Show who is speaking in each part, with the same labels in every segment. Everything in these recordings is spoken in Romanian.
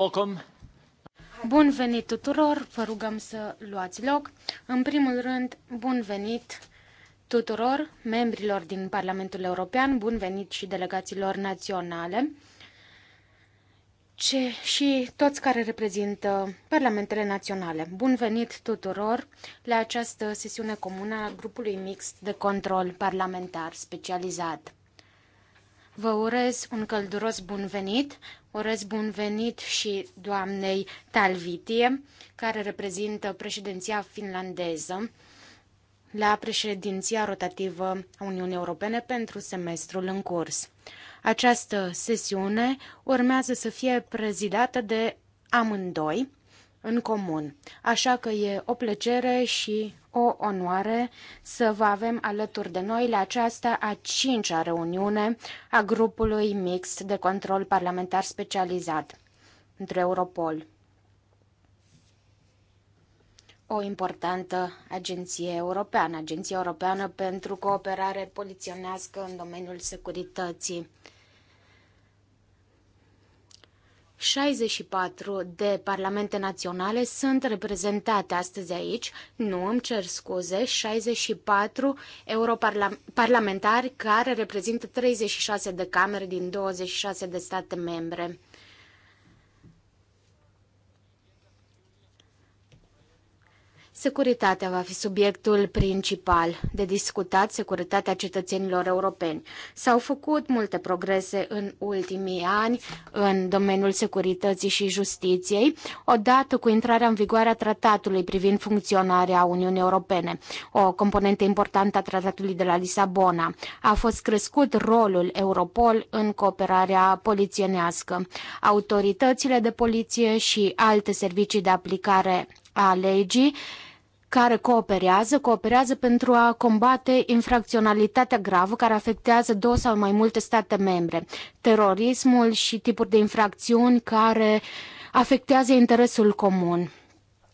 Speaker 1: Welcome.
Speaker 2: Bun venit tuturor, vă rugăm să luați loc. În primul rând, bun venit tuturor membrilor din Parlamentul European, bun venit și delegațiilor naționale ce, și toți care reprezintă parlamentele naționale. Bun venit tuturor la această sesiune comună a grupului mixt de control parlamentar specializat. Vă urez un călduros bun venit, urez bun venit și doamnei Talvitie, care reprezintă președinția finlandeză la președinția rotativă a Uniunii Europene pentru semestrul în curs. Această sesiune urmează să fie prezidată de amândoi în comun. Așa că e o plăcere și o onoare să vă avem alături de noi la aceasta a cincea reuniune a grupului mixt de control parlamentar specializat între Europol. O importantă agenție europeană, agenție Europeană pentru Cooperare Poliționească în domeniul securității. 64 de parlamente naționale sunt reprezentate astăzi aici, nu îmi cer scuze, 64 europarlamentari care reprezintă 36 de camere din 26 de state membre. Securitatea va fi subiectul principal de discutat, securitatea cetățenilor europeni. S-au făcut multe progrese în ultimii ani în domeniul securității și justiției, odată cu intrarea în vigoare a tratatului privind funcționarea Uniunii Europene, o componentă importantă a tratatului de la Lisabona. A fost crescut rolul Europol în cooperarea polițienească. Autoritățile de poliție și alte servicii de aplicare a legii care cooperează, cooperează pentru a combate infracționalitatea gravă care afectează două sau mai multe state membre, terorismul și tipuri de infracțiuni care afectează interesul comun.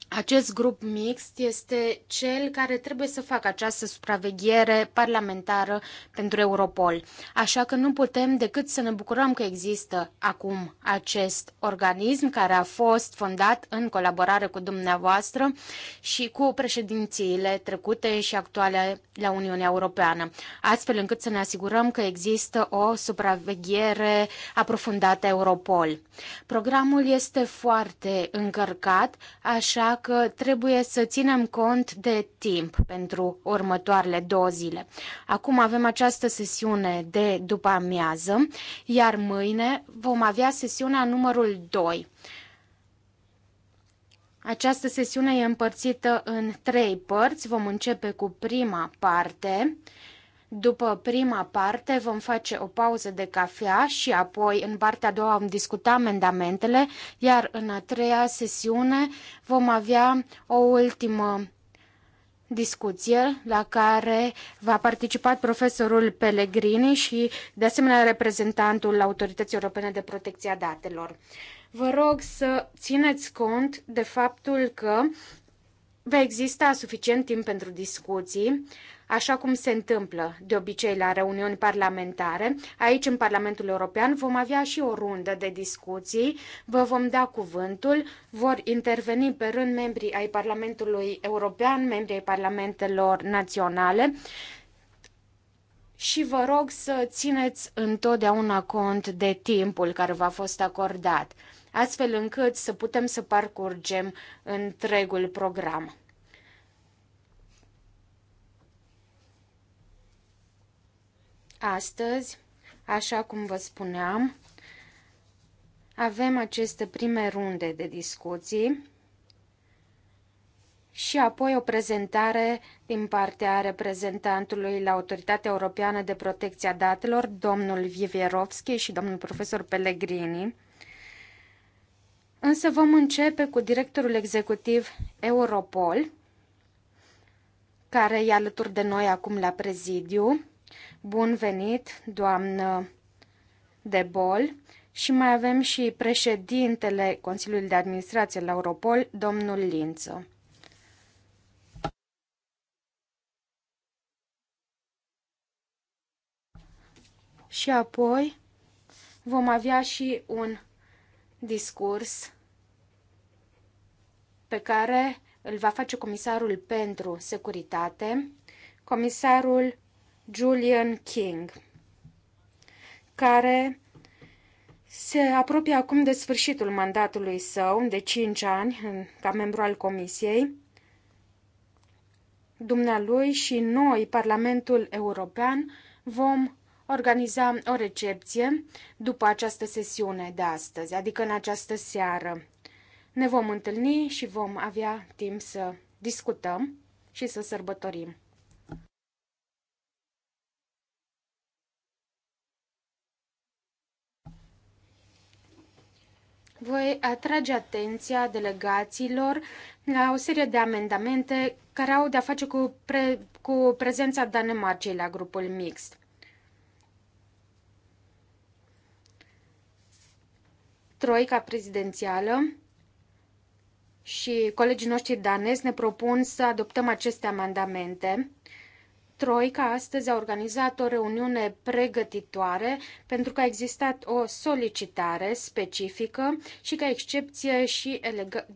Speaker 2: Acest grup mixt este cel care trebuie să facă această supraveghere parlamentară pentru Europol. Așa că nu putem decât să ne bucurăm că există acum acest organism care a fost fondat în colaborare cu dumneavoastră și cu președințiile trecute și actuale la Uniunea Europeană, astfel încât să ne asigurăm că există o supraveghere aprofundată a Europol. Programul este foarte încărcat, așa dacă trebuie să ținem cont de timp pentru următoarele două zile. Acum avem această sesiune de după amiază, iar mâine vom avea sesiunea numărul 2. Această sesiune e împărțită în trei părți. Vom începe cu prima parte după prima parte vom face o pauză de cafea și apoi în partea a doua vom discuta amendamentele, iar în a treia sesiune vom avea o ultimă discuție la care va participa profesorul Pellegrini și de asemenea reprezentantul Autorității Europene de Protecție a Datelor. Vă rog să țineți cont de faptul că va exista suficient timp pentru discuții, așa cum se întâmplă de obicei la reuniuni parlamentare. Aici, în Parlamentul European, vom avea și o rundă de discuții, vă vom da cuvântul, vor interveni pe rând membrii ai Parlamentului European, membrii ai Parlamentelor Naționale și vă rog să țineți întotdeauna cont de timpul care v-a fost acordat, astfel încât să putem să parcurgem întregul program. Astăzi, așa cum vă spuneam, avem aceste prime runde de discuții și apoi o prezentare din partea reprezentantului la Autoritatea Europeană de Protecție a Datelor, domnul Vivierovski și domnul profesor Pellegrini. Însă vom începe cu directorul executiv Europol, care e alături de noi acum la prezidiu. Bun venit, doamnă de Bol. Și mai avem și președintele Consiliului de Administrație la Europol, domnul Lință. Și apoi vom avea și un discurs pe care îl va face comisarul pentru securitate, comisarul Julian King, care se apropie acum de sfârșitul mandatului său de 5 ani ca membru al Comisiei. Dumnealui și noi, Parlamentul European, vom organiza o recepție după această sesiune de astăzi, adică în această seară. Ne vom întâlni și vom avea timp să discutăm și să sărbătorim. voi atrage atenția delegațiilor la o serie de amendamente care au de-a face cu, pre, cu prezența Danemarcei la grupul mixt. Troica prezidențială și colegii noștri danezi ne propun să adoptăm aceste amendamente Troica astăzi a organizat o reuniune pregătitoare pentru că a existat o solicitare specifică și ca excepție și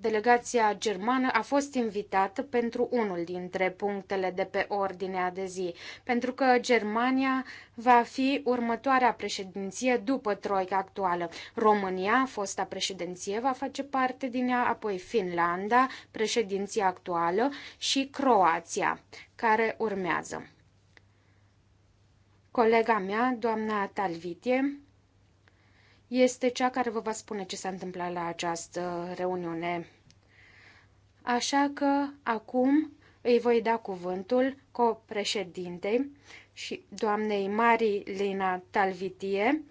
Speaker 2: delegația germană a fost invitată pentru unul dintre punctele de pe ordinea de zi, pentru că Germania va fi următoarea președinție după Troica actuală. România, fosta președinție, va face parte din ea, apoi Finlanda, președinția actuală și Croația, care urmează. Colega mea, doamna Talvitie, este cea care vă va spune ce s-a întâmplat la această reuniune. Așa că acum îi voi da cuvântul co-președintei și doamnei Marii Lina Talvitie,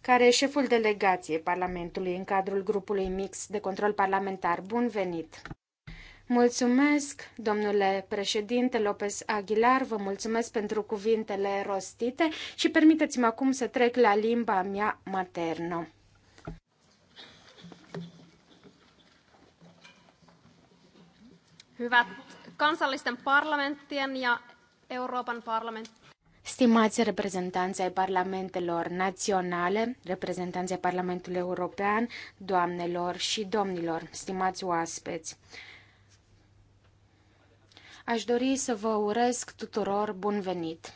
Speaker 2: care e șeful delegației Parlamentului în cadrul grupului mix de control parlamentar. Bun venit! Mulțumesc, domnule președinte Lopez Aguilar, vă mulțumesc pentru cuvintele rostite și permiteți-mi acum să trec la limba mea maternă.
Speaker 3: Hyvät kansallisten parlamenttien ja Euroopan
Speaker 2: Stimați reprezentanți ai parlamentelor naționale, reprezentanți ai Parlamentului European, doamnelor și domnilor, stimați oaspeți, Aș dori să vă urez tuturor bun venit.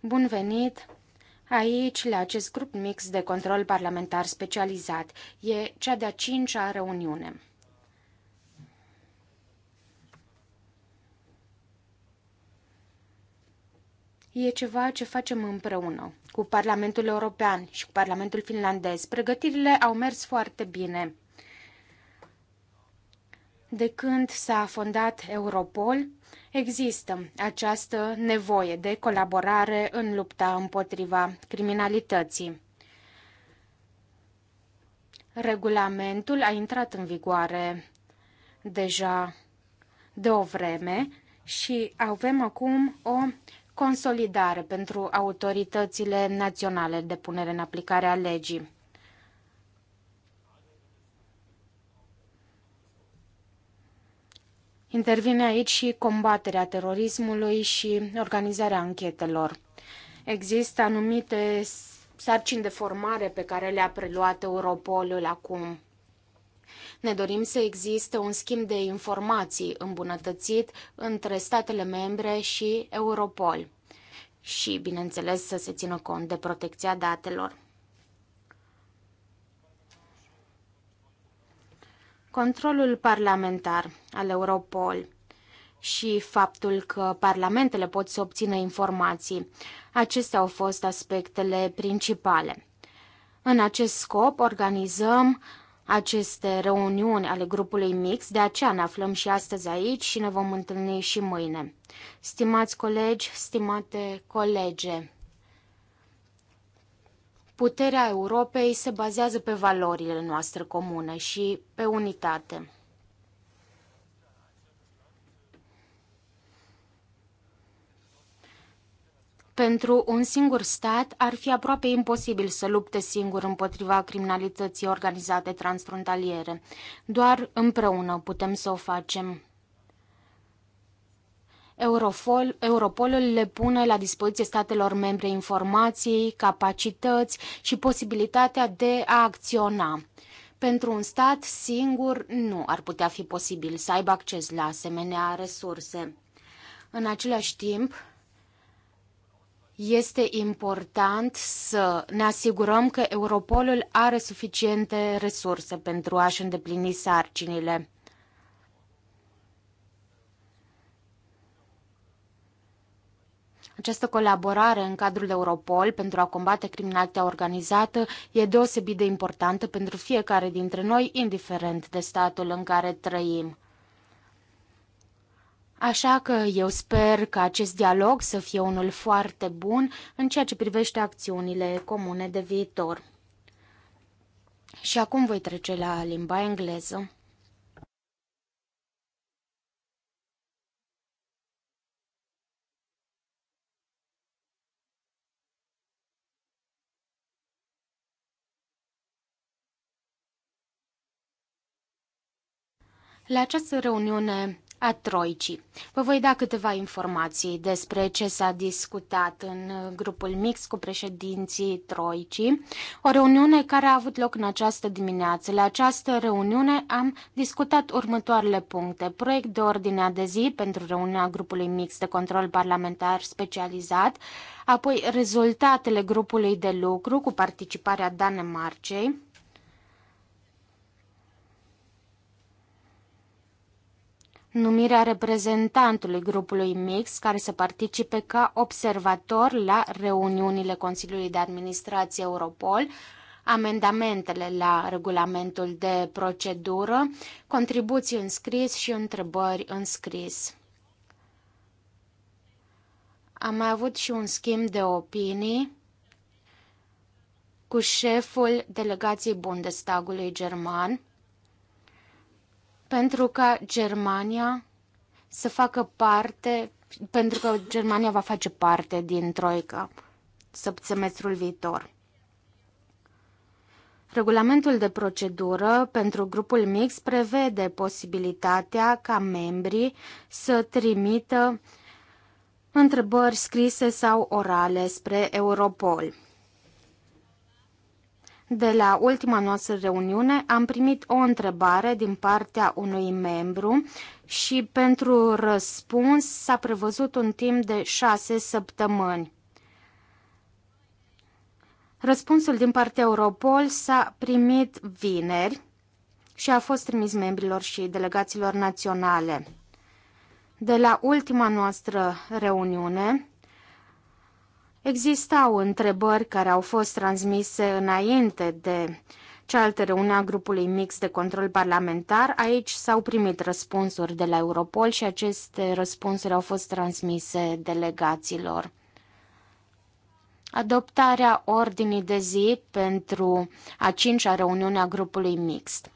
Speaker 2: Bun venit aici, la acest grup mix de control parlamentar specializat. E cea de-a cincea reuniune. e ceva ce facem împreună cu Parlamentul European și cu Parlamentul finlandez. Pregătirile au mers foarte bine. De când s-a fondat Europol, există această nevoie de colaborare în lupta împotriva criminalității. Regulamentul a intrat în vigoare deja de o vreme și avem acum o consolidare pentru autoritățile naționale de punere în aplicare a legii. Intervine aici și combaterea terorismului și organizarea anchetelor. Există anumite sarcini de formare pe care le-a preluat Europolul acum. Ne dorim să existe un schimb de informații îmbunătățit între statele membre și Europol și, bineînțeles, să se țină cont de protecția datelor. Controlul parlamentar al Europol și faptul că parlamentele pot să obțină informații. Acestea au fost aspectele principale. În acest scop organizăm aceste reuniuni ale grupului mix, de aceea ne aflăm și astăzi aici și ne vom întâlni și mâine. Stimați colegi, stimate colege, Puterea Europei se bazează pe valorile noastre comune și pe unitate. Pentru un singur stat ar fi aproape imposibil să lupte singur împotriva criminalității organizate transfrontaliere. Doar împreună putem să o facem. Europol, Europolul le pune la dispoziție statelor membre informații, capacități și posibilitatea de a acționa. Pentru un stat singur nu ar putea fi posibil să aibă acces la asemenea resurse. În același timp, este important să ne asigurăm că Europolul are suficiente resurse pentru a-și îndeplini sarcinile. Această colaborare în cadrul Europol pentru a combate criminalitatea organizată e deosebit de importantă pentru fiecare dintre noi, indiferent de statul în care trăim. Așa că eu sper că acest dialog să fie unul foarte bun în ceea ce privește acțiunile comune de viitor. Și acum voi trece la limba engleză. La această reuniune a Troicii. Vă voi da câteva informații despre ce s-a discutat în grupul mix cu președinții Troicii, o reuniune care a avut loc în această dimineață. La această reuniune am discutat următoarele puncte. Proiect de ordine de zi pentru reuniunea grupului mix de control parlamentar specializat, apoi rezultatele grupului de lucru cu participarea Danemarcei, numirea reprezentantului grupului mix care să participe ca observator la reuniunile Consiliului de Administrație Europol, amendamentele la regulamentul de procedură, contribuții în scris și întrebări în scris. Am mai avut și un schimb de opinii cu șeful delegației Bundestagului german, pentru ca Germania să facă parte, pentru că Germania va face parte din Troica semestrul viitor. Regulamentul de procedură pentru grupul mix prevede posibilitatea ca membrii să trimită întrebări scrise sau orale spre Europol. De la ultima noastră reuniune am primit o întrebare din partea unui membru și pentru răspuns s-a prevăzut un timp de șase săptămâni. Răspunsul din partea Europol s-a primit vineri și a fost trimis membrilor și delegaților naționale. De la ultima noastră reuniune, Existau întrebări care au fost transmise înainte de cealaltă reuniune a grupului mix de control parlamentar. Aici s-au primit răspunsuri de la Europol și aceste răspunsuri au fost transmise delegaților. Adoptarea ordinii de zi pentru a cincea reuniune a grupului mixt.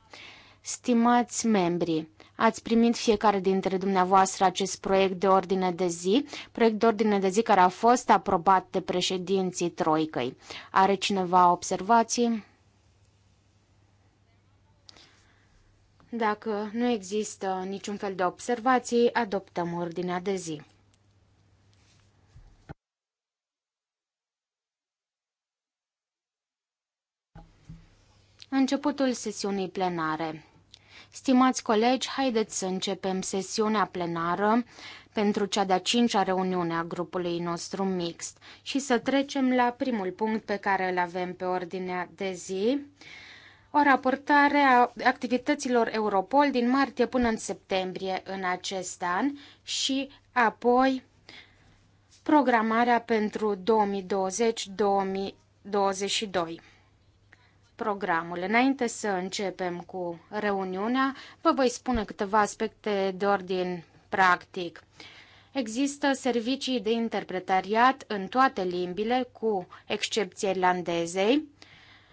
Speaker 2: Stimați membri, Ați primit fiecare dintre dumneavoastră acest proiect de ordine de zi, proiect de ordine de zi care a fost aprobat de președinții Troicăi. Are cineva observații? Dacă nu există niciun fel de observații, adoptăm ordinea de zi. Începutul sesiunii plenare Stimați colegi, haideți să începem sesiunea plenară pentru cea de-a cincea reuniune a grupului nostru mixt și să trecem la primul punct pe care îl avem pe ordinea de zi, o raportare a activităților Europol din martie până în septembrie în acest an și apoi programarea pentru 2020-2022 programul. Înainte să începem cu reuniunea, vă voi spune câteva aspecte de ordin practic. Există servicii de interpretariat în toate limbile, cu excepția irlandezei,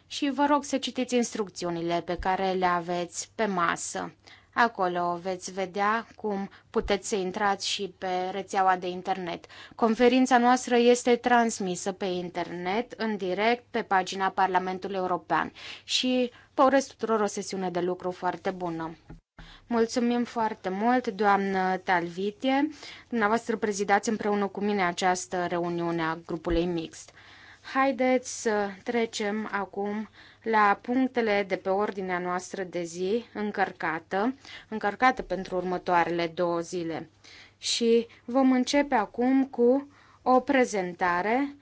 Speaker 2: și vă rog să citiți instrucțiunile pe care le aveți pe masă. Acolo veți vedea cum puteți să intrați și pe rețeaua de internet. Conferința noastră este transmisă pe internet, în direct, pe pagina Parlamentului European și vă urez tuturor o sesiune de lucru foarte bună. Mulțumim foarte mult, doamnă Talvitie. Dumneavoastră prezidați împreună cu mine această reuniune a grupului mixt. Haideți să trecem acum la punctele de pe ordinea noastră de zi încărcată, încărcată pentru următoarele două zile. Și vom începe acum cu o prezentare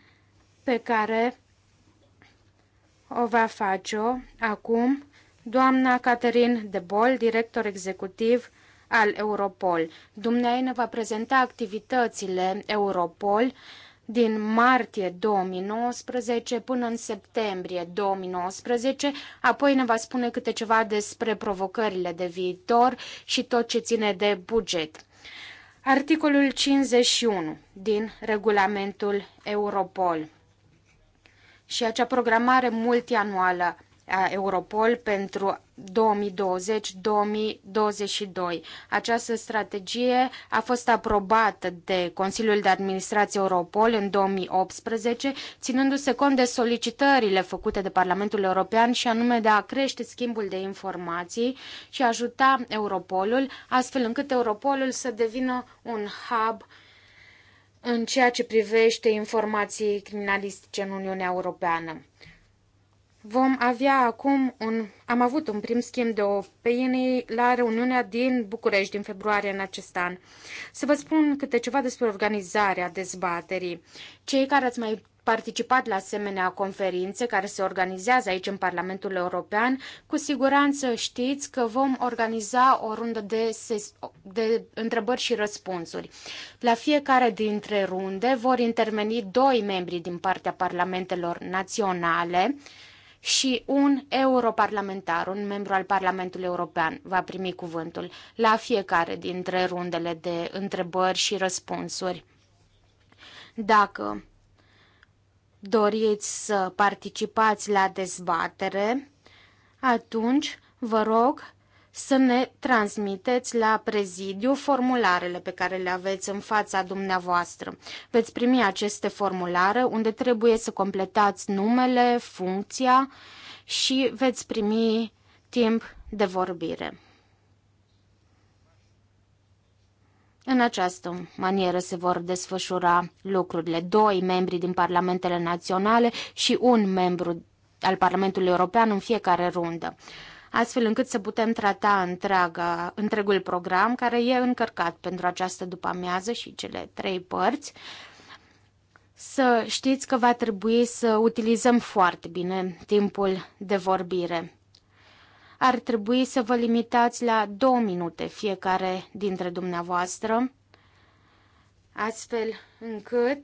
Speaker 2: pe care o va face acum doamna Caterin de Bol, director executiv al Europol. Dumnezeu ne va prezenta activitățile Europol din martie 2019 până în septembrie 2019, apoi ne va spune câte ceva despre provocările de viitor și tot ce ține de buget. Articolul 51 din regulamentul Europol și acea programare multianuală Europol pentru 2020-2022. Această strategie a fost aprobată de Consiliul de Administrație Europol în 2018, ținându-se cont de solicitările făcute de Parlamentul European și anume de a crește schimbul de informații și a ajuta Europolul, astfel încât Europolul să devină un hub în ceea ce privește informații criminalistice în Uniunea Europeană. Vom avea acum un... Am avut un prim schimb de opinii la reuniunea din București din februarie în acest an. Să vă spun câte ceva despre organizarea dezbaterii. Cei care ați mai participat la asemenea conferințe care se organizează aici în Parlamentul European, cu siguranță știți că vom organiza o rundă de, de întrebări și răspunsuri. La fiecare dintre runde vor interveni doi membri din partea Parlamentelor Naționale, și un europarlamentar, un membru al Parlamentului European, va primi cuvântul la fiecare dintre rundele de întrebări și răspunsuri. Dacă doriți să participați la dezbatere, atunci vă rog să ne transmiteți la prezidiu formularele pe care le aveți în fața dumneavoastră. Veți primi aceste formulare unde trebuie să completați numele, funcția și veți primi timp de vorbire. În această manieră se vor desfășura lucrurile. Doi membri din parlamentele naționale și un membru al Parlamentului European în fiecare rundă astfel încât să putem trata întreaga, întregul program care e încărcat pentru această după-amiază și cele trei părți. Să știți că va trebui să utilizăm foarte bine timpul de vorbire. Ar trebui să vă limitați la două minute fiecare dintre dumneavoastră, astfel încât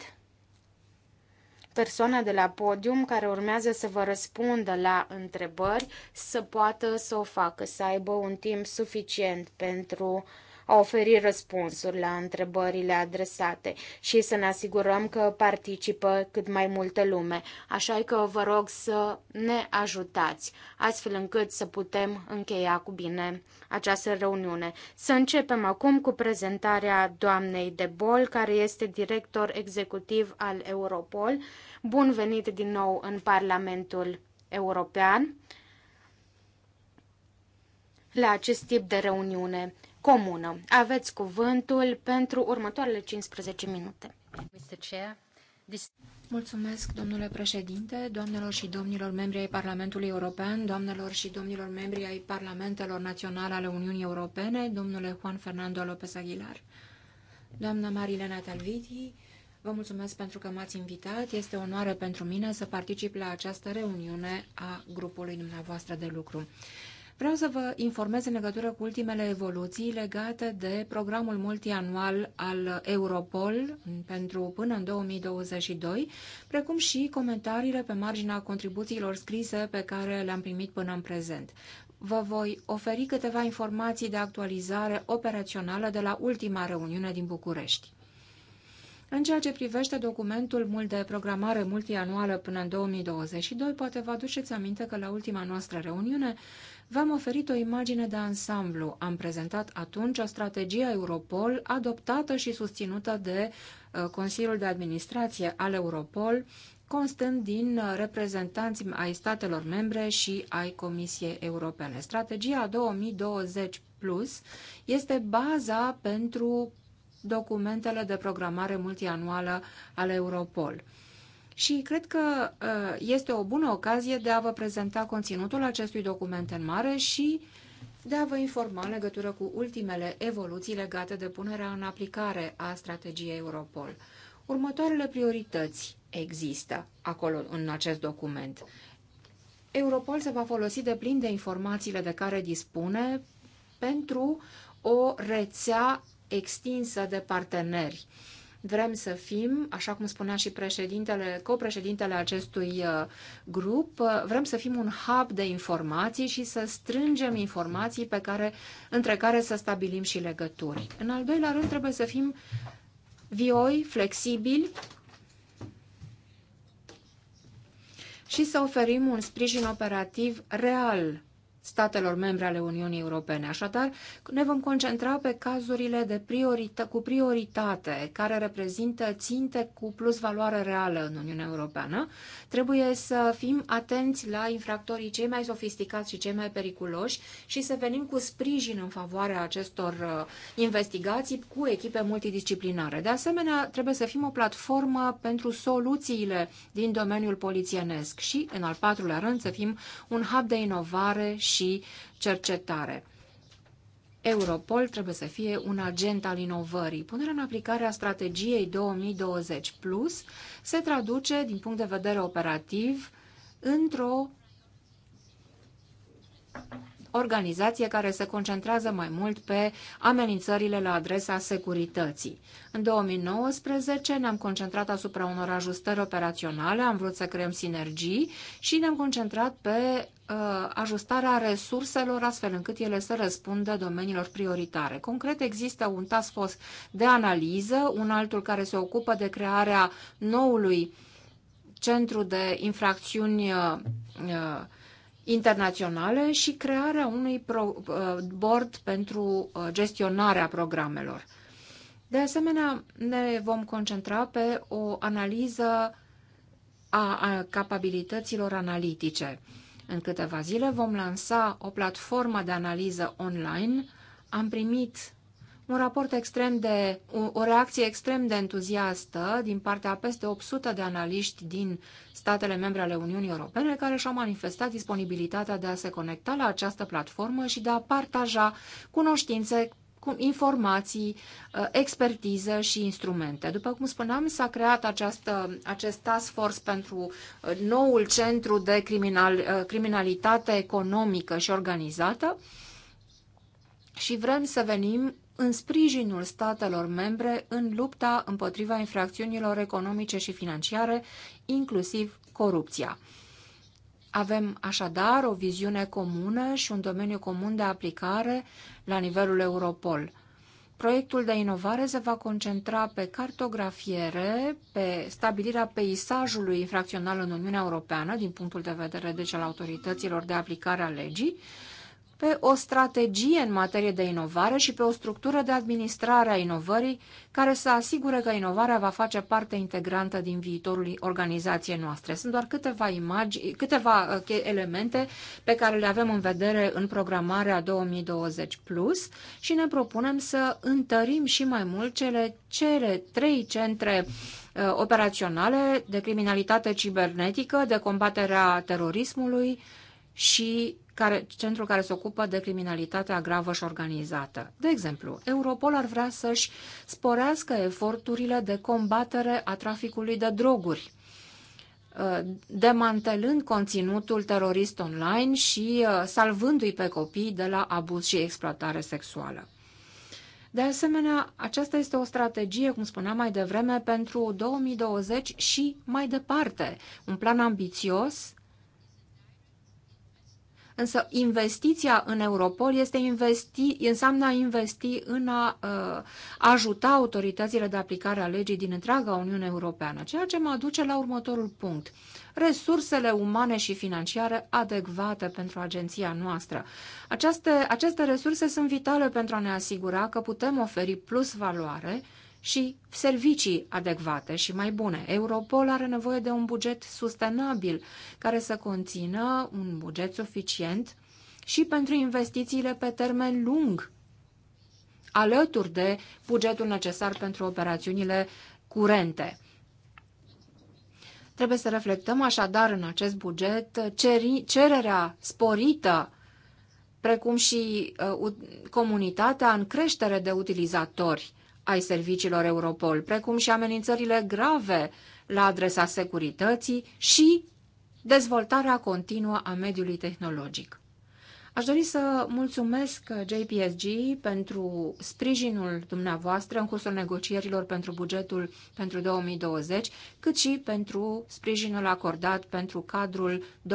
Speaker 2: persoana de la podium care urmează să vă răspundă la întrebări să poată să o facă, să aibă un timp suficient pentru a oferi răspunsuri la întrebările adresate și să ne asigurăm că participă cât mai multă lume. Așa că vă rog să ne ajutați, astfel încât să putem încheia cu bine această reuniune. Să începem acum cu prezentarea doamnei de Bol, care este director executiv al Europol. Bun venit din nou în Parlamentul European la acest tip de reuniune comună. Aveți cuvântul pentru următoarele 15 minute.
Speaker 3: Mulțumesc, domnule președinte, doamnelor și domnilor membri ai Parlamentului European, doamnelor și domnilor membri ai Parlamentelor Naționale ale Uniunii Europene, domnule Juan Fernando López Aguilar. Doamna Marilena Talviti, vă mulțumesc pentru că m-ați invitat. Este o onoare pentru mine să particip la această reuniune a grupului dumneavoastră de lucru. Vreau să vă informez în legătură cu ultimele evoluții legate de programul multianual al Europol pentru până în 2022, precum și comentariile pe marginea contribuțiilor scrise pe care le-am primit până în prezent. Vă voi oferi câteva informații de actualizare operațională de la ultima reuniune din București. În ceea ce privește documentul mult de programare multianuală până în 2022, poate vă aduceți aminte că la ultima noastră reuniune v-am oferit o imagine de ansamblu. Am prezentat atunci o strategie a Europol adoptată și susținută de uh, Consiliul de Administrație al Europol, constând din uh, reprezentanți ai statelor membre și ai Comisiei Europene. Strategia 2020 Plus este baza pentru documentele de programare multianuală ale Europol. Și cred că uh, este o bună ocazie de a vă prezenta conținutul acestui document în mare și de a vă informa în legătură cu ultimele evoluții legate de punerea în aplicare a strategiei Europol. Următoarele priorități există acolo în acest document. Europol se va folosi de plin de informațiile de care dispune pentru o rețea extinsă de parteneri. Vrem să fim, așa cum spunea și președintele, copreședintele acestui uh, grup, uh, vrem să fim un hub de informații și să strângem informații pe care, între care să stabilim și legături. În al doilea rând, trebuie să fim vioi, flexibili și să oferim un sprijin operativ real statelor membre ale Uniunii Europene. Așadar, ne vom concentra pe cazurile de priorită, cu prioritate, care reprezintă ținte cu plus valoare reală în Uniunea Europeană. Trebuie să fim atenți la infractorii cei mai sofisticați și cei mai periculoși și să venim cu sprijin în favoarea acestor uh, investigații cu echipe multidisciplinare. De asemenea, trebuie să fim o platformă pentru soluțiile din domeniul polițienesc și, în al patrulea rând, să fim un hub de inovare și și cercetare. Europol trebuie să fie un agent al inovării. Punerea în aplicare a strategiei 2020 plus se traduce, din punct de vedere operativ, într-o organizație care se concentrează mai mult pe amenințările la adresa securității. În 2019 ne-am concentrat asupra unor ajustări operaționale, am vrut să creăm sinergii și ne-am concentrat pe uh, ajustarea resurselor astfel încât ele să răspundă domeniilor prioritare. Concret există un task force de analiză, un altul care se ocupă de crearea noului centru de infracțiuni uh, uh internaționale și crearea unui uh, board pentru uh, gestionarea programelor. De asemenea, ne vom concentra pe o analiză a capabilităților analitice. În câteva zile vom lansa o platformă de analiză online. Am primit un raport extrem de, o reacție extrem de entuziastă din partea a peste 800 de analiști din statele membre ale Uniunii Europene care și-au manifestat disponibilitatea de a se conecta la această platformă și de a partaja cunoștințe cu informații, uh, expertiză și instrumente. După cum spuneam, s-a creat această, acest task force pentru uh, noul centru de criminal, uh, criminalitate economică și organizată și vrem să venim în sprijinul statelor membre în lupta împotriva infracțiunilor economice și financiare, inclusiv corupția. Avem așadar o viziune comună și un domeniu comun de aplicare la nivelul Europol. Proiectul de inovare se va concentra pe cartografiere, pe stabilirea peisajului infracțional în Uniunea Europeană din punctul de vedere deci al autorităților de aplicare a legii pe o strategie în materie de inovare și pe o structură de administrare a inovării care să asigure că inovarea va face parte integrantă din viitorul organizației noastre. Sunt doar câteva imagi câteva uh, elemente pe care le avem în vedere în programarea 2020 plus și ne propunem să întărim și mai mult cele, cele trei centre uh, operaționale de criminalitate cibernetică, de combaterea terorismului și care, centru care se ocupă de criminalitatea gravă și organizată. De exemplu, Europol ar vrea să-și sporească eforturile de combatere a traficului de droguri, uh, demantelând conținutul terorist online și uh, salvându-i pe copii de la abuz și exploatare sexuală. De asemenea, aceasta este o strategie, cum spuneam mai devreme, pentru 2020 și mai departe. Un plan ambițios însă investiția în Europol este investi, înseamnă a investi în a uh, ajuta autoritățile de aplicare a legii din întreaga Uniune Europeană, ceea ce mă aduce la următorul punct. Resursele umane și financiare adecvate pentru agenția noastră. Aceste, aceste resurse sunt vitale pentru a ne asigura că putem oferi plus valoare și servicii adecvate și mai bune. Europol are nevoie de un buget sustenabil care să conțină un buget suficient și pentru investițiile pe termen lung, alături de bugetul necesar pentru operațiunile curente. Trebuie să reflectăm așadar în acest buget cererea sporită precum și uh, comunitatea în creștere de utilizatori ai serviciilor Europol, precum și amenințările grave la adresa securității și dezvoltarea continuă a mediului tehnologic. Aș dori să mulțumesc JPSG pentru sprijinul dumneavoastră în cursul negocierilor pentru bugetul pentru 2020, cât și pentru sprijinul acordat pentru cadrul 2021-2027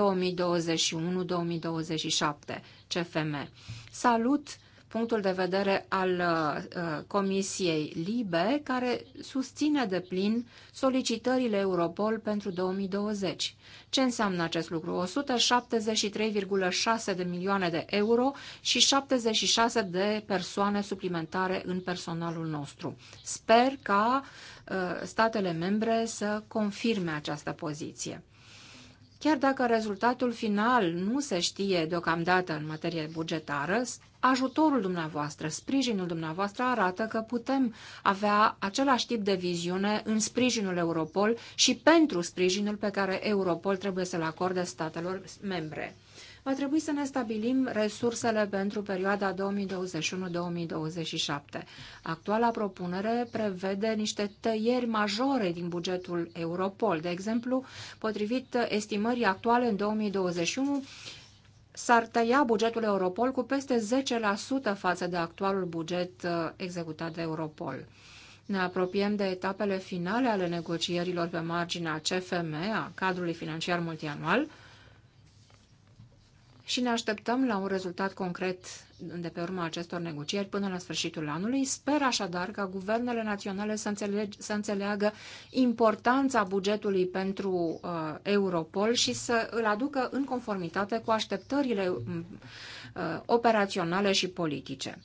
Speaker 3: CFM. Salut! punctul de vedere al uh, Comisiei Libe, care susține de plin solicitările Europol pentru 2020. Ce înseamnă acest lucru? 173,6 de milioane de euro și 76 de persoane suplimentare în personalul nostru. Sper ca uh, statele membre să confirme această poziție. Chiar dacă rezultatul final nu se știe deocamdată în materie bugetară, ajutorul dumneavoastră, sprijinul dumneavoastră arată că putem avea același tip de viziune în sprijinul Europol și pentru sprijinul pe care Europol trebuie să-l acorde statelor membre. Va trebui să ne stabilim resursele pentru perioada 2021-2027. Actuala propunere prevede niște tăieri majore din bugetul Europol. De exemplu, potrivit estimării actuale în 2021, s-ar tăia bugetul Europol cu peste 10% față de actualul buget uh, executat de Europol. Ne apropiem de etapele finale ale negocierilor pe marginea CFM, a cadrului financiar multianual, și ne așteptăm la un rezultat concret de pe urma acestor negocieri până la sfârșitul anului. Sper așadar ca guvernele naționale să, înțeleg, să înțeleagă importanța bugetului pentru uh, Europol și să îl aducă în conformitate cu așteptările uh, operaționale și politice.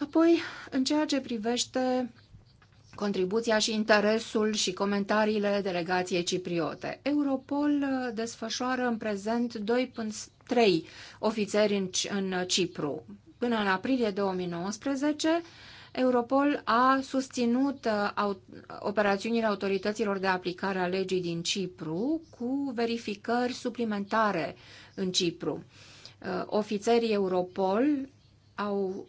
Speaker 3: Apoi, în ceea ce privește contribuția și interesul și comentariile delegației cipriote. Europol uh, desfășoară în prezent 2 trei ofițeri în, în Cipru. Până în aprilie 2019, Europol a susținut uh, operațiunile autorităților de aplicare a legii din Cipru cu verificări suplimentare în Cipru. Uh, ofițerii Europol au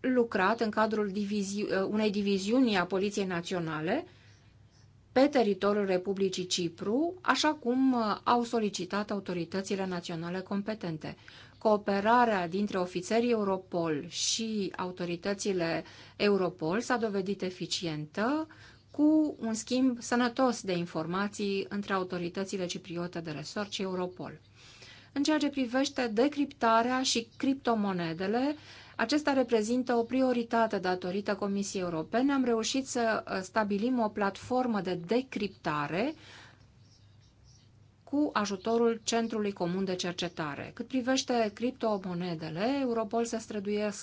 Speaker 3: lucrat în cadrul divizi- uh, unei diviziuni a Poliției Naționale pe teritoriul Republicii Cipru, așa cum uh, au solicitat autoritățile naționale competente. Cooperarea dintre ofițerii Europol și autoritățile Europol s-a dovedit eficientă cu un schimb sănătos de informații între autoritățile cipriote de resort și Europol. În ceea ce privește decriptarea și criptomonedele, acesta reprezintă o prioritate datorită Comisiei Europene. Am reușit să stabilim o platformă de decriptare cu ajutorul Centrului Comun de Cercetare. Cât privește criptomonedele, Europol se,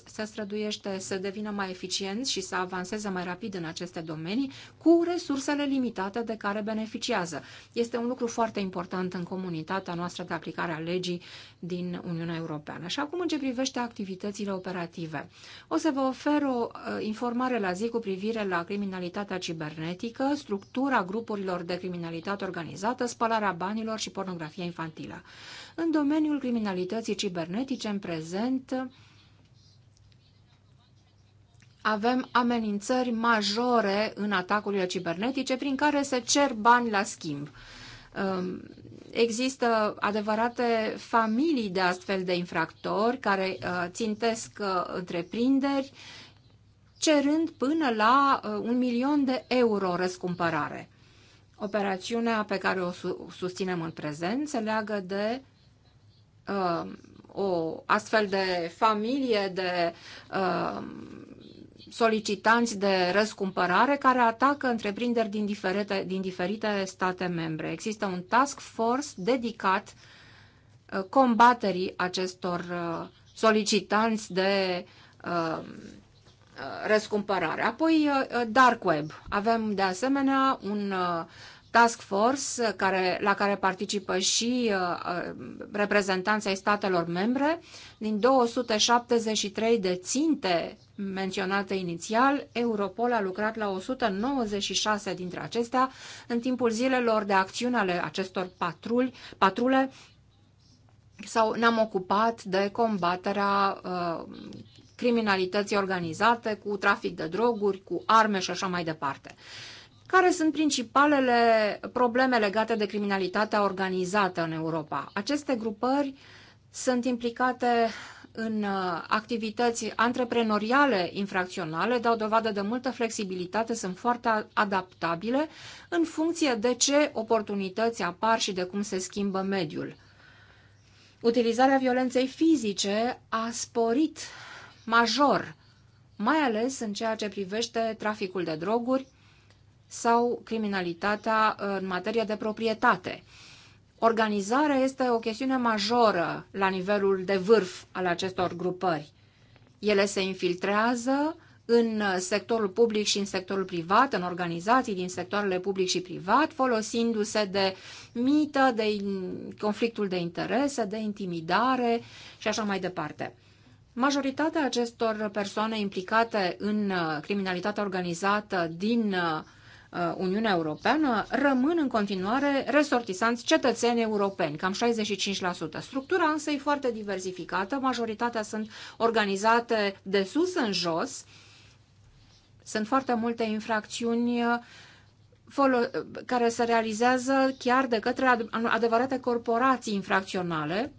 Speaker 3: se străduiește să devină mai eficient și să avanseze mai rapid în aceste domenii cu resursele limitate de care beneficiază. Este un lucru foarte important în comunitatea noastră de aplicare a legii din Uniunea Europeană. Și acum în ce privește activitățile operative. O să vă ofer o uh, informare la zi cu privire la criminalitatea cibernetică, structura grupurilor de criminalitate organizată, spălarea banilor, sexual și pornografia infantilă. În domeniul criminalității cibernetice, în prezent, avem amenințări majore în atacurile cibernetice prin care se cer bani la schimb. Um, există adevărate familii de astfel de infractori care uh, țintesc uh, întreprinderi cerând până la uh, un milion de euro răscumpărare. Operațiunea pe care o susținem în prezent se leagă de uh, o astfel de familie de uh, solicitanți de răscumpărare care atacă întreprinderi din diferite, din diferite state membre. Există un task force dedicat uh, combaterii acestor uh, solicitanți de uh, răscumpărare. Apoi, uh, Dark Web. Avem, de asemenea, un uh, task force care, la care participă și uh, reprezentanții statelor membre. Din 273 de ținte menționate inițial, Europol a lucrat la 196 dintre acestea în timpul zilelor de acțiune ale acestor patruli, patrule sau ne-am ocupat de combaterea uh, criminalității organizate, cu trafic de droguri, cu arme și așa mai departe. Care sunt principalele probleme legate de criminalitatea organizată în Europa? Aceste grupări sunt implicate în uh, activități antreprenoriale infracționale, dau dovadă de multă flexibilitate, sunt foarte adaptabile în funcție de ce oportunități apar și de cum se schimbă mediul. Utilizarea violenței fizice a sporit major, mai ales în ceea ce privește traficul de droguri sau criminalitatea în materie de proprietate. Organizarea este o chestiune majoră la nivelul de vârf al acestor grupări. Ele se infiltrează în sectorul public și în sectorul privat, în organizații din sectoarele public și privat, folosindu-se de mită, de conflictul de interese, de intimidare și așa mai departe. Majoritatea acestor persoane implicate în uh, criminalitatea organizată din uh, uh, Uniunea Europeană rămân în continuare resortisanți cetățeni europeni, cam 65%. Structura însă e foarte diversificată, majoritatea sunt organizate de sus în jos, sunt foarte multe infracțiuni care se realizează chiar de către adevărate corporații infracționale,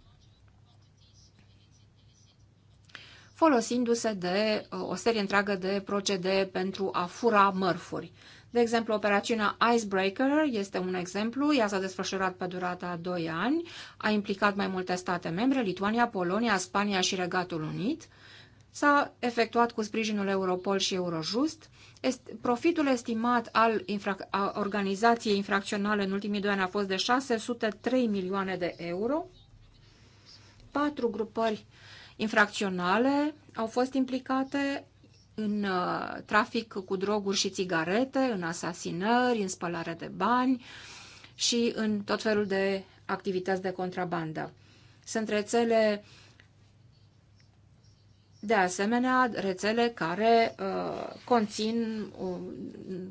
Speaker 3: folosindu-se de uh, o serie întreagă de procedee pentru a fura mărfuri. De exemplu, operațiunea Icebreaker este un exemplu. Ea s-a desfășurat pe durata 2 ani, a implicat mai multe state membre, Lituania, Polonia, Spania și Regatul Unit. S-a efectuat cu sprijinul Europol și Eurojust. Est- profitul estimat al infra- a organizației infracționale în ultimii doi ani a fost de 603 milioane de euro. Patru grupări infracționale au fost implicate în uh, trafic cu droguri și țigarete, în asasinări, în spălare de bani și în tot felul de activități de contrabandă. Sunt rețele de asemenea, rețele care uh, conțin un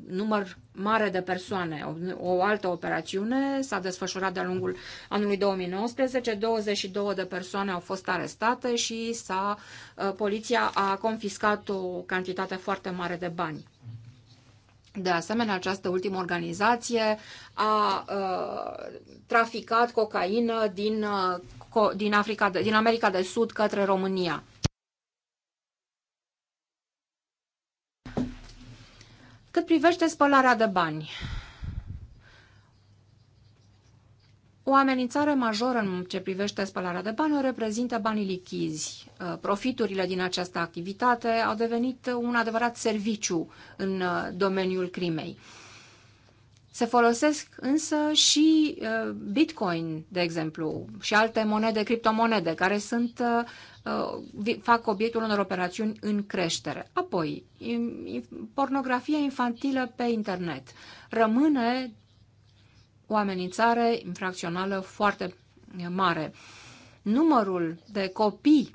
Speaker 3: număr mare de persoane. O, o altă operațiune s-a desfășurat de-a lungul anului 2019. 22 de persoane au fost arestate și s-a, uh, poliția a confiscat o cantitate foarte mare de bani. De asemenea, această ultimă organizație a uh, traficat cocaină din, uh, co din, Africa de, din America de Sud către România. Cât privește spălarea de bani, o amenințare majoră în ce privește spălarea de bani o reprezintă banii lichizi. Uh, profiturile din această activitate au devenit un adevărat serviciu în uh, domeniul crimei. Se folosesc însă și uh, Bitcoin, de exemplu, și alte monede, criptomonede, care sunt, uh, uh fac obiectul unor operațiuni în creștere. Apoi, pornografia infantilă pe internet rămâne o amenințare infracțională foarte mare. Numărul de copii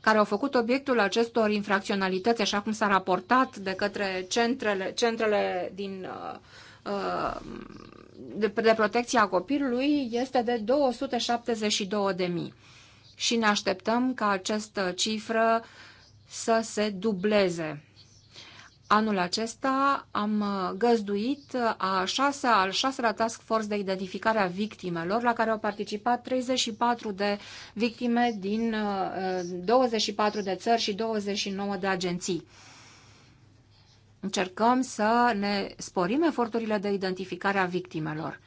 Speaker 3: care au făcut obiectul acestor infracționalități, așa cum s-a raportat de către centrele, centrele din, uh, uh, de, de protecție a copilului, este de 272.000. Și ne așteptăm ca această cifră să se dubleze Anul acesta am uh, găzduit uh, a șasea, al șaselea task force de identificare a victimelor, la care au participat 34 de victime din 24 uh, de țări și 29 de agenții. Încercăm să ne sporim eforturile de identificare a victimelor.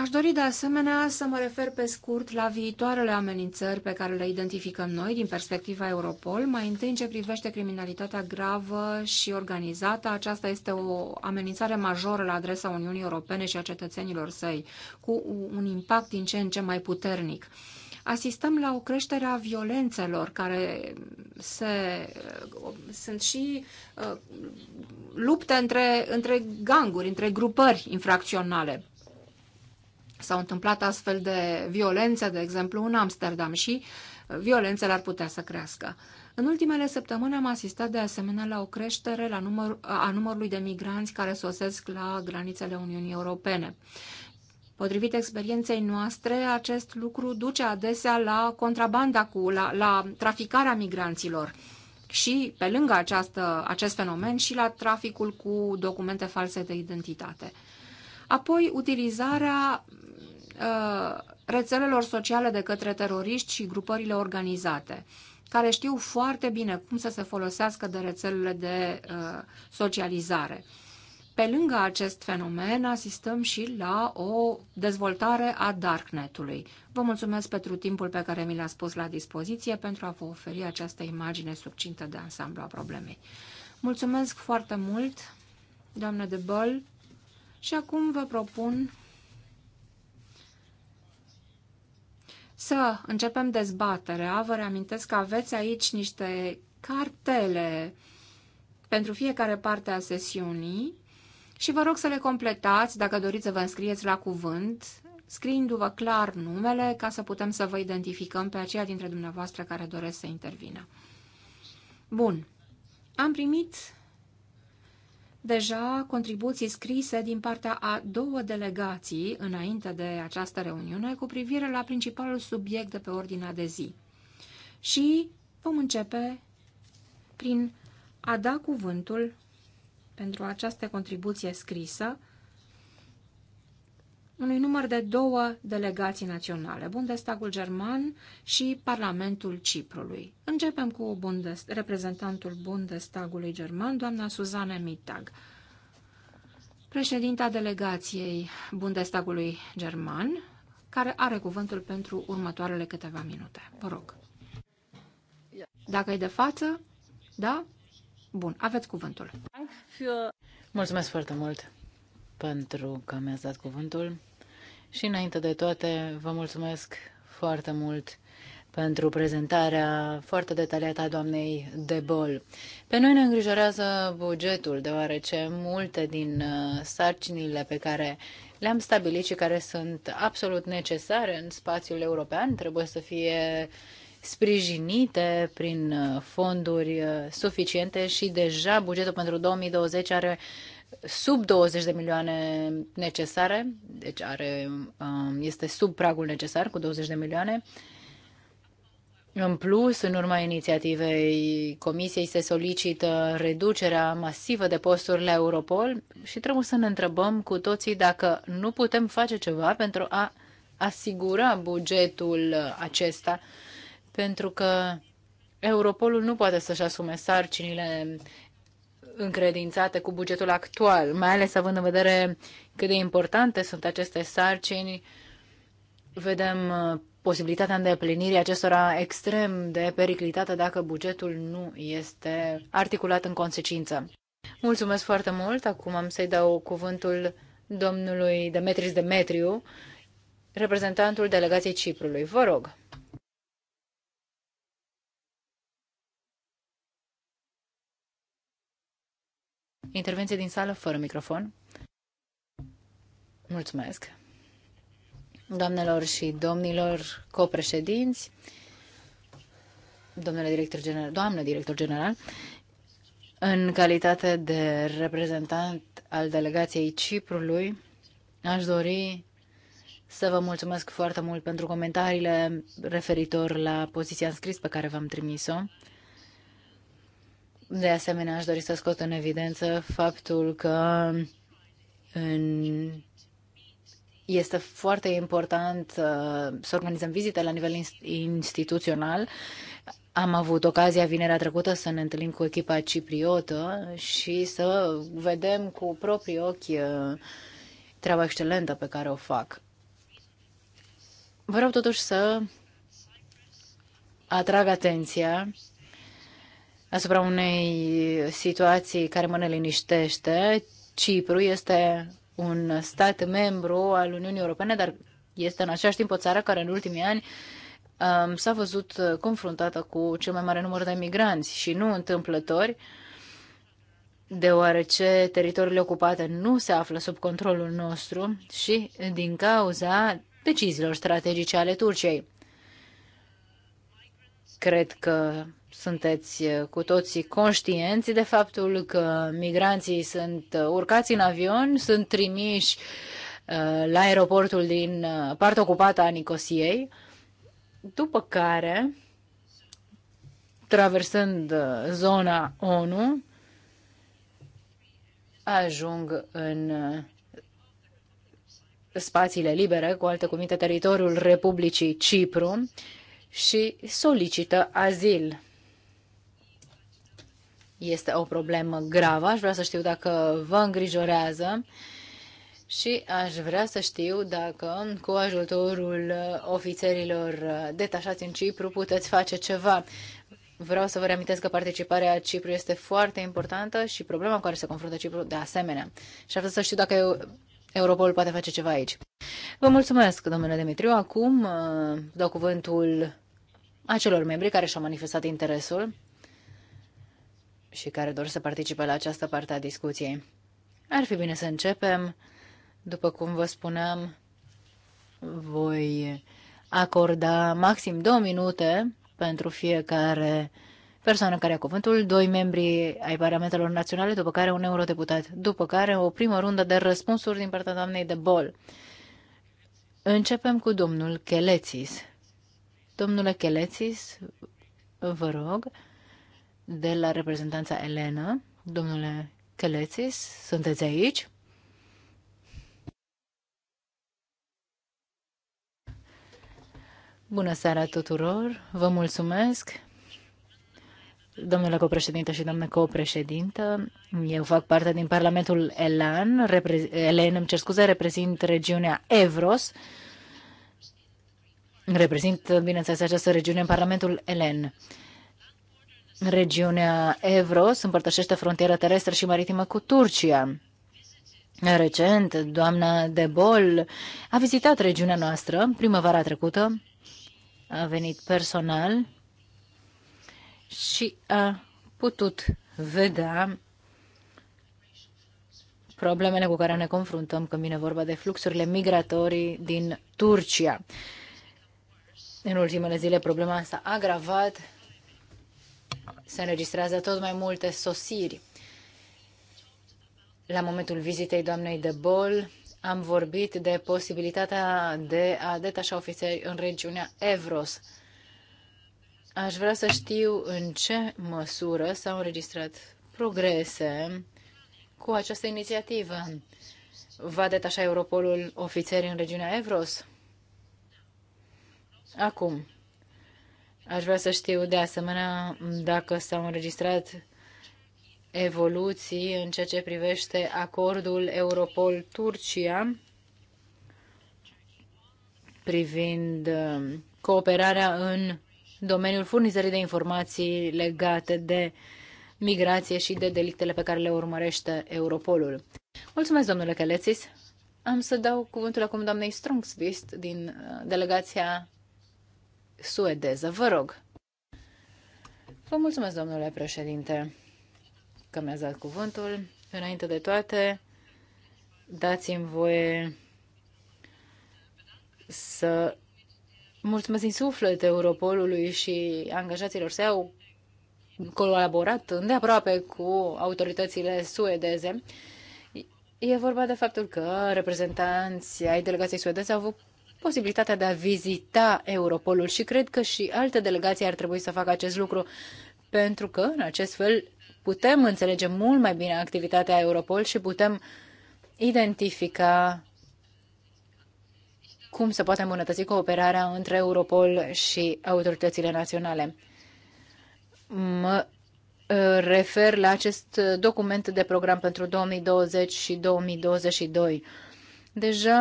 Speaker 3: Aș dori de asemenea să mă refer pe scurt la viitoarele amenințări pe care le identificăm noi din perspectiva Europol. Mai întâi în ce privește criminalitatea gravă și organizată, aceasta este o amenințare majoră la adresa Uniunii Europene și a cetățenilor săi, cu un impact din ce în ce mai puternic asistăm la o creștere a violențelor care se, sunt și uh, lupte între, între ganguri, între grupări infracționale. S-au întâmplat astfel de violențe, de exemplu, în Amsterdam și uh, violențele ar putea să crească. În ultimele săptămâni am asistat de asemenea la o creștere la număr, a numărului de migranți care sosesc la granițele Uniunii Europene. Potrivit experienței noastre, acest lucru duce adesea la contrabanda cu, la, la traficarea migranților și, pe lângă această, acest fenomen, și la traficul cu documente false de identitate. Apoi, utilizarea Uh, rețelelor sociale de către teroriști și grupările organizate, care știu foarte bine cum să se folosească de rețelele de uh, socializare. Pe lângă acest fenomen, asistăm și la o dezvoltare a darknetului. Vă mulțumesc pentru timpul pe care mi l-ați pus la dispoziție pentru a vă oferi această imagine succintă de ansamblu a problemei. Mulțumesc foarte mult, doamnă de Băl, și acum vă propun să începem dezbaterea. Vă reamintesc că aveți aici niște cartele pentru fiecare parte a sesiunii și vă rog să le completați dacă doriți să vă înscrieți la cuvânt, scriindu-vă clar numele ca să putem să vă identificăm pe aceia dintre dumneavoastră care doresc să intervină. Bun. Am primit deja contribuții scrise din partea a două delegații înainte de această reuniune cu privire la principalul subiect de pe ordinea de zi. Și vom începe prin a da cuvântul pentru această contribuție scrisă unui număr de două delegații naționale, Bundestagul German și Parlamentul Ciprului. Începem cu Bundes- reprezentantul Bundestagului German, doamna Suzanne Mittag. Președinta delegației Bundestagului German, care are cuvântul pentru următoarele câteva minute. Vă rog. Dacă e de față, da? Bun, aveți cuvântul. Mulțumesc foarte mult pentru că
Speaker 1: mi-ați dat cuvântul. Și înainte de toate, vă mulțumesc foarte mult pentru prezentarea foarte detaliată a doamnei Bol. Pe noi ne îngrijorează bugetul, deoarece multe din uh, sarcinile pe care le-am stabilit și care sunt absolut necesare în spațiul european trebuie să fie sprijinite prin uh, fonduri uh, suficiente și deja bugetul pentru 2020 are sub 20 de milioane necesare, deci are, um, este sub pragul necesar cu 20 de milioane. În plus, în urma inițiativei Comisiei se solicită reducerea masivă de posturi la Europol și trebuie să ne întrebăm cu toții dacă nu putem face ceva pentru a asigura bugetul acesta, pentru că Europolul nu poate să-și asume sarcinile încredințate cu bugetul actual, mai ales având în vedere cât de importante sunt aceste sarcini, vedem uh, posibilitatea îndeplinirii acestora extrem de periclitată dacă bugetul nu este articulat în consecință. Mulțumesc foarte mult. Acum am să-i dau cuvântul domnului Demetris Demetriu, reprezentantul delegației Ciprului. Vă rog. Intervenție din sală fără microfon. Mulțumesc. Doamnelor și domnilor copreședinți, domnule director general, doamnă director general, în calitate de reprezentant al delegației Ciprului, aș dori să vă mulțumesc foarte mult pentru comentariile referitor la poziția înscris pe care v-am trimis-o. De asemenea, aș dori să scot în evidență faptul că în este foarte important uh, să organizăm vizite la nivel instituțional. Am avut ocazia vinerea trecută să ne întâlnim cu echipa cipriotă și să vedem cu proprii ochi uh, treaba excelentă pe care o fac. Vreau totuși să atrag atenția asupra unei situații care mă neliniștește. Cipru este un stat membru al Uniunii Europene, dar este în același timp o țară care în ultimii ani um, s-a văzut confruntată cu cel mai mare număr de migranți și nu întâmplători, deoarece teritoriile ocupate nu se află sub controlul nostru și din cauza deciziilor strategice ale Turciei. Cred că sunteți eh, cu toții conștienți de faptul că migranții sunt eh, urcați în avion, sunt trimiși eh, la aeroportul din partea ocupată a Nicosiei, după care, traversând zona ONU, ajung în spațiile libere, cu alte cuvinte, teritoriul Republicii Cipru și solicită azil este o problemă gravă. Aș vrea să știu dacă vă îngrijorează și aș vrea să știu dacă cu ajutorul ofițerilor detașați în Cipru puteți face ceva. Vreau să vă reamintesc că participarea Cipru este foarte importantă și problema cu care se confruntă Cipru de asemenea. Și aș vrea să știu dacă eu Europol poate face ceva aici. Vă mulțumesc, domnule Dimitriu. Acum uh, dau cuvântul acelor membri care și-au manifestat interesul și care dor să participe la această parte a discuției. Ar fi bine să începem. După cum vă spuneam, voi acorda maxim două minute pentru fiecare persoană care a cuvântul, doi membri ai Parlamentelor Naționale, după care un eurodeputat, după care o primă rundă de răspunsuri din partea doamnei de Bol. Începem cu domnul Chelețis. Domnule Chelețis, vă rog, de la reprezentanța Elena. Domnule Chelețis, sunteți aici? Bună seara tuturor, vă mulțumesc. Domnule copreședinte și doamnă copreședintă, eu fac parte din Parlamentul Elan, Elen, îmi cer scuze, reprezint regiunea Evros, reprezint, bineînțeles, această regiune în Parlamentul Elen. Regiunea Evros împărtășește frontiera terestră și maritimă cu Turcia. Recent, doamna de Bol a vizitat regiunea noastră primăvara trecută, a venit personal și a putut vedea problemele cu care ne confruntăm când vine vorba de fluxurile migratorii din Turcia. În ultimele zile problema s-a agravat se înregistrează tot mai multe sosiri. La momentul vizitei doamnei de Bol, am vorbit de posibilitatea de a detașa ofițeri în regiunea Evros. Aș vrea să știu în ce măsură s-au înregistrat progrese cu această inițiativă. Va detașa Europolul ofițeri în regiunea Evros? Acum, Aș vrea să știu de asemenea dacă s-au înregistrat evoluții în ceea ce privește acordul Europol-Turcia privind um, cooperarea în domeniul furnizării de informații legate de migrație și de delictele pe care le urmărește Europolul. Mulțumesc, domnule Kelețis. Am să dau cuvântul acum doamnei Strungsvist din uh, delegația suedeză. Vă rog. Vă mulțumesc, domnule președinte, că mi-ați dat cuvântul. Înainte de toate, dați-mi voie să mulțumesc din suflet Europolului și angajaților săi au colaborat îndeaproape cu autoritățile suedeze. E vorba de faptul că reprezentanții ai delegației suedeze au avut posibilitatea de a vizita Europolul și cred că și alte delegații ar trebui să facă acest lucru pentru că în acest fel putem înțelege mult mai bine activitatea Europol și putem identifica cum se poate îmbunătăți cooperarea între Europol și autoritățile naționale. Mă uh, refer la acest document de program pentru 2020 și 2022. Deja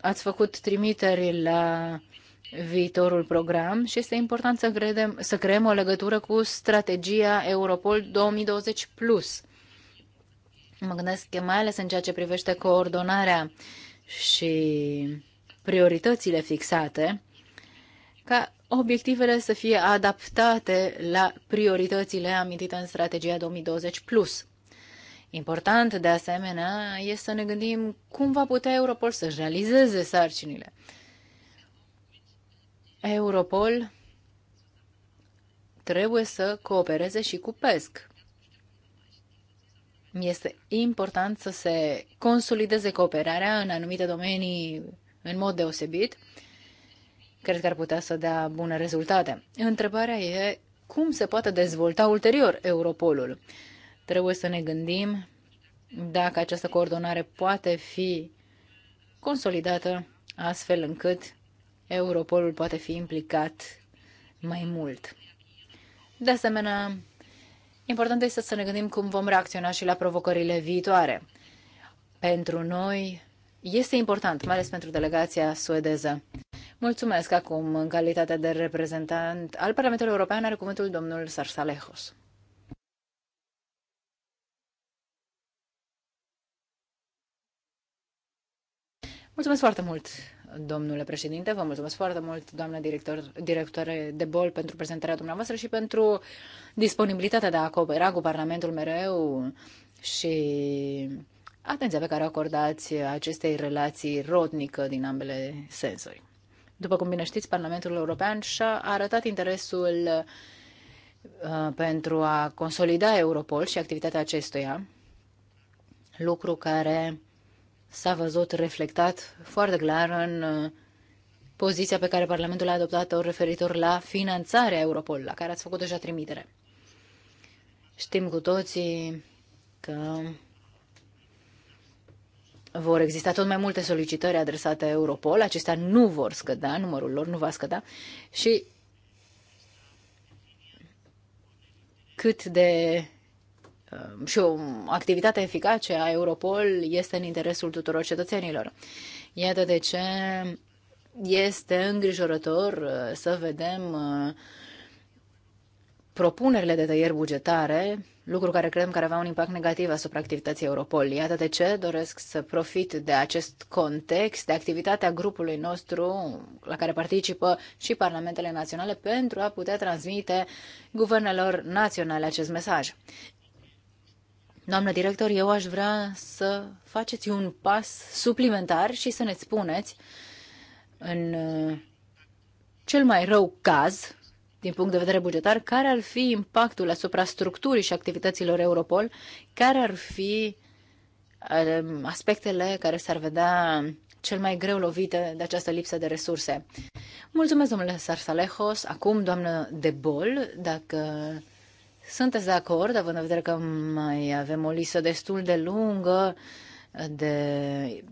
Speaker 1: ați făcut trimiteri la viitorul program și este important să, credem, să creăm o legătură cu strategia Europol 2020+. Plus. Mă gândesc că mai ales în ceea ce privește coordonarea și prioritățile fixate, ca obiectivele să fie adaptate la prioritățile amintite în strategia 2020+. Plus. Important, de asemenea, este să ne gândim cum va putea Europol să-și realizeze sarcinile. Europol trebuie să coopereze și cu PESC. Este important să se consolideze cooperarea în anumite domenii în mod deosebit. Cred că ar putea să dea bune rezultate. Întrebarea e cum se poate dezvolta ulterior Europolul. Trebuie să ne gândim dacă această coordonare poate fi consolidată astfel încât Europolul poate fi implicat mai mult. De asemenea, important este să ne gândim cum vom reacționa și la provocările viitoare. Pentru noi este important, mai ales pentru delegația suedeză. Mulțumesc acum, în calitate de reprezentant al Parlamentului European, are cuvântul domnul Sarsalejos. Mulțumesc foarte mult, domnule președinte, vă mulțumesc foarte mult, doamna director, directoare de bol, pentru prezentarea dumneavoastră și pentru disponibilitatea de a coopera cu Parlamentul mereu și atenția pe care o acordați acestei relații rodnică din ambele sensuri. După cum bine știți, Parlamentul European și-a arătat interesul uh, pentru a consolida Europol și activitatea acestuia, lucru care s-a văzut reflectat foarte clar în uh, poziția pe care Parlamentul a adoptat-o referitor la finanțarea Europol, la care ați făcut deja trimitere. Știm cu toții că vor exista tot mai multe solicitări adresate Europol, acestea nu vor scădea, numărul lor nu va scădea și cât de Um, și o activitate eficace a Europol este în interesul tuturor cetățenilor. Iată de ce este îngrijorător uh, să vedem uh, propunerile de tăieri bugetare, lucru care credem că avea un impact negativ asupra activității Europol. Iată de ce doresc să profit de acest context, de activitatea grupului nostru la care participă și parlamentele naționale pentru a putea transmite guvernelor naționale acest mesaj. Doamnă director, eu aș vrea să faceți un pas suplimentar și să ne spuneți în uh, cel mai rău caz, din punct de vedere bugetar, care ar fi impactul asupra structurii și activităților Europol, care ar fi um, aspectele care s-ar vedea cel mai greu lovite de această lipsă de resurse. Mulțumesc, domnule Sarsalejos. Acum, doamnă De Bol, dacă sunteți de acord, având în vedere că mai avem o listă destul de lungă de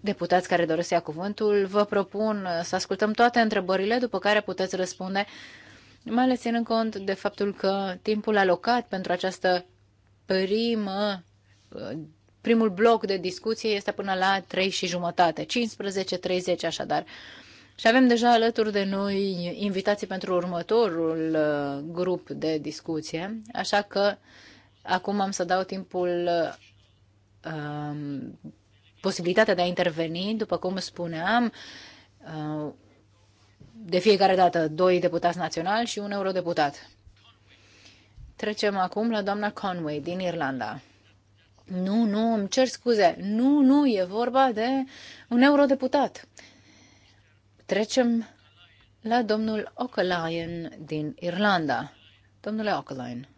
Speaker 1: deputați care doresc să ia cuvântul, vă propun să ascultăm toate întrebările, după care puteți răspunde, mai ales ținând cont de faptul că timpul alocat pentru această primă, primul bloc de discuție este până la 3 și jumătate, 15-30 așadar. Și avem deja alături de noi invitații pentru următorul uh, grup de discuție, așa că acum am să dau timpul, um, posibilitatea de a interveni, după cum spuneam, uh, de fiecare dată doi deputați naționali și un eurodeputat. Trecem acum la doamna Conway din Irlanda. Nu, nu, îmi cer scuze. Nu, nu, e vorba de un eurodeputat. Trecem la domnul O'Callaghan din Irlanda. Domnule O'Callaghan,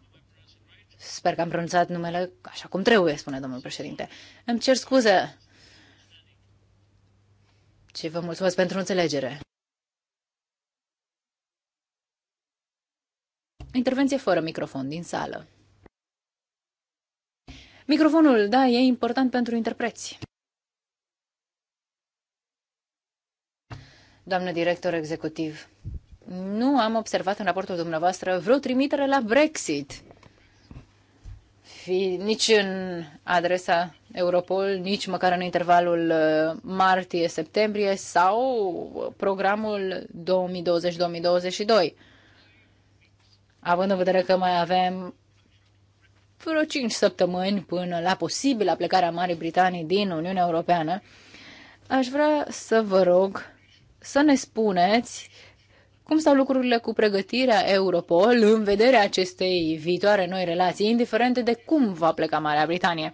Speaker 1: sper că am pronunțat numele așa cum trebuie, spune domnul președinte. Îmi cer scuze și vă mulțumesc pentru înțelegere. Intervenție fără microfon din sală. Microfonul, da, e important pentru interpreți. Doamnă director executiv, nu am observat în raportul dumneavoastră vreo trimitere la Brexit. Fi, nici în adresa Europol, nici măcar în intervalul uh, martie-septembrie sau programul 2020-2022. Având în vedere că mai avem vreo 5 săptămâni până la posibilă plecarea Marii Britanii din Uniunea Europeană, aș vrea să vă rog să ne spuneți cum stau lucrurile cu pregătirea Europol în vederea acestei viitoare noi relații, indiferent de cum va pleca Marea Britanie.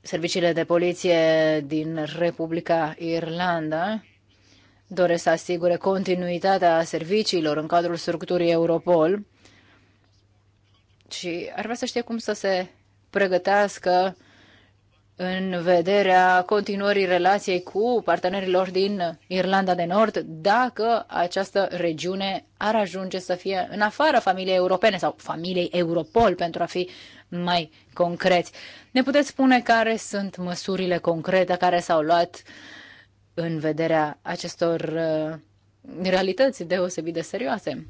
Speaker 1: Serviciile de poliție din Republica Irlanda doresc să asigure continuitatea serviciilor în cadrul structurii Europol și ar vrea să știe cum să se pregătească în vederea continuării relației cu partenerilor din Irlanda de Nord dacă această regiune ar ajunge să fie în afara familiei europene sau familiei Europol pentru a fi mai concreți. Ne puteți spune care sunt măsurile concrete care s-au luat în vederea acestor uh, realități deosebit de serioase?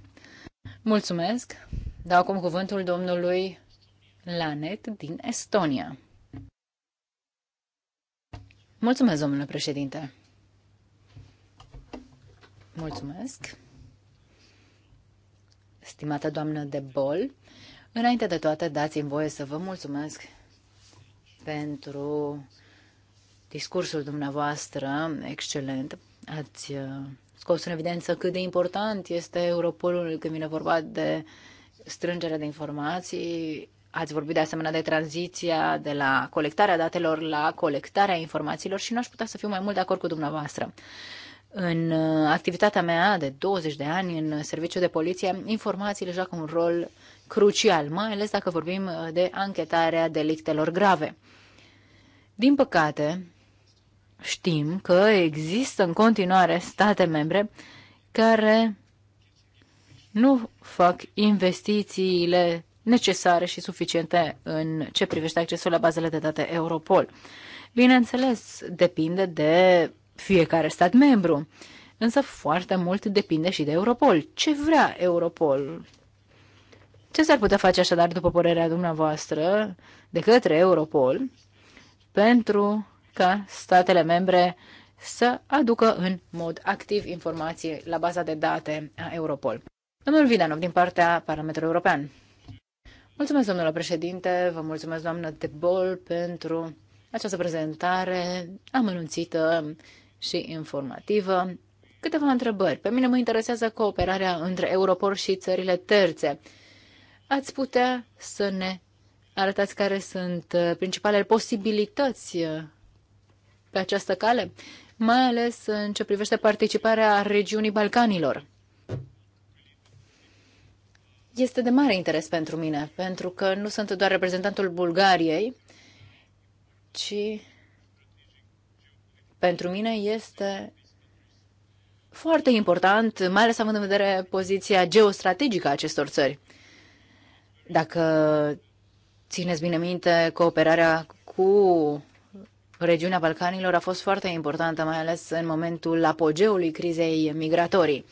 Speaker 1: Mulțumesc! Dau acum cuvântul domnului Lanet din Estonia. Mulțumesc, domnule președinte. Mulțumesc. Stimată doamnă de bol, înainte de toate dați-mi voie să vă mulțumesc pentru discursul dumneavoastră excelent. Ați uh, scos în evidență cât de important este Europolul când vine vorba de strângerea de informații, Ați vorbit de asemenea de tranziția de la colectarea datelor la colectarea informațiilor și nu aș putea să fiu mai mult de acord cu dumneavoastră. În uh, activitatea mea de 20 de ani în serviciu de poliție, informațiile joacă un rol crucial, mai ales dacă vorbim uh, de anchetarea delictelor grave. Din păcate, știm că există în continuare state membre care nu fac investițiile necesare și suficiente în ce privește accesul la bazele de date Europol. Bineînțeles, depinde de fiecare stat membru, însă foarte mult depinde și de Europol. Ce vrea Europol? Ce s-ar putea face așadar, după părerea dumneavoastră, de către Europol pentru ca statele membre să aducă în mod activ informații la baza de date a Europol? Domnul Vidanov, din partea Parlamentului European. Mulțumesc, domnule președinte, vă mulțumesc, doamnă de Bol, pentru această prezentare amănunțită și informativă. Câteva întrebări. Pe mine mă interesează cooperarea între Europol și țările terțe. Ați putea să ne arătați care sunt principalele posibilități pe această cale, mai ales în ce privește participarea regiunii Balcanilor este de mare interes pentru mine, pentru că nu sunt doar reprezentantul Bulgariei, ci pentru mine este foarte important, mai ales având în vedere poziția geostrategică a acestor țări. Dacă țineți bine minte, cooperarea cu regiunea Balcanilor a fost foarte importantă, mai ales în momentul apogeului crizei migratorii.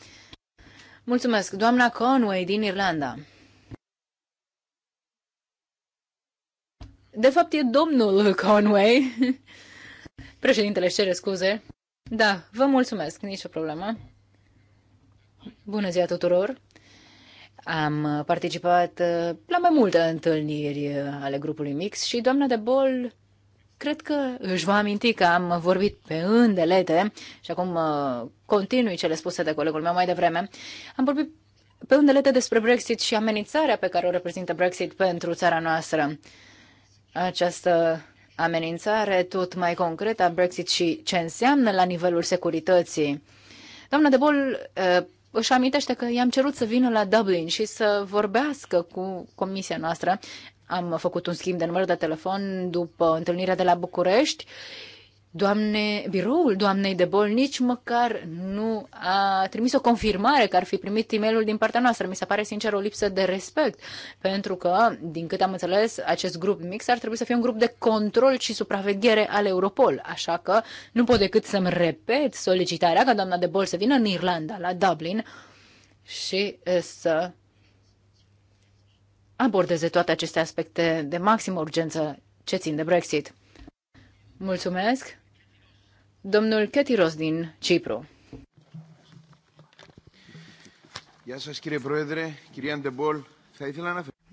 Speaker 1: Mulțumesc, doamna Conway din Irlanda. De fapt, e domnul Conway. Președintele își cere scuze. Da, vă mulțumesc, nicio problemă. Bună ziua tuturor! Am participat uh, la mai multe întâlniri uh, ale grupului Mix și doamna de Bol Cred că își va aminti că am vorbit pe îndelete și acum uh, continui cele spuse de colegul meu mai devreme. Am vorbit pe îndelete despre Brexit și amenințarea pe care o reprezintă Brexit pentru țara noastră. Această amenințare tot mai concretă a Brexit și ce înseamnă la nivelul securității. Doamna de Bol uh, își amintește că i-am cerut să vină la Dublin și să vorbească cu comisia noastră am făcut un schimb de număr de telefon după întâlnirea de la București. Doamne, biroul doamnei de bol nici măcar nu a trimis o confirmare că ar fi primit e din partea noastră. Mi se pare sincer o lipsă de respect, pentru că, din câte am înțeles, acest grup mix ar trebui să fie un grup de control și supraveghere al Europol. Așa că nu pot decât să-mi repet solicitarea ca doamna de bol să vină în Irlanda, la Dublin, și eh, să abordeze toate aceste aspecte de maximă urgență ce țin de Brexit. Mulțumesc. Domnul Ketiros din Cipru.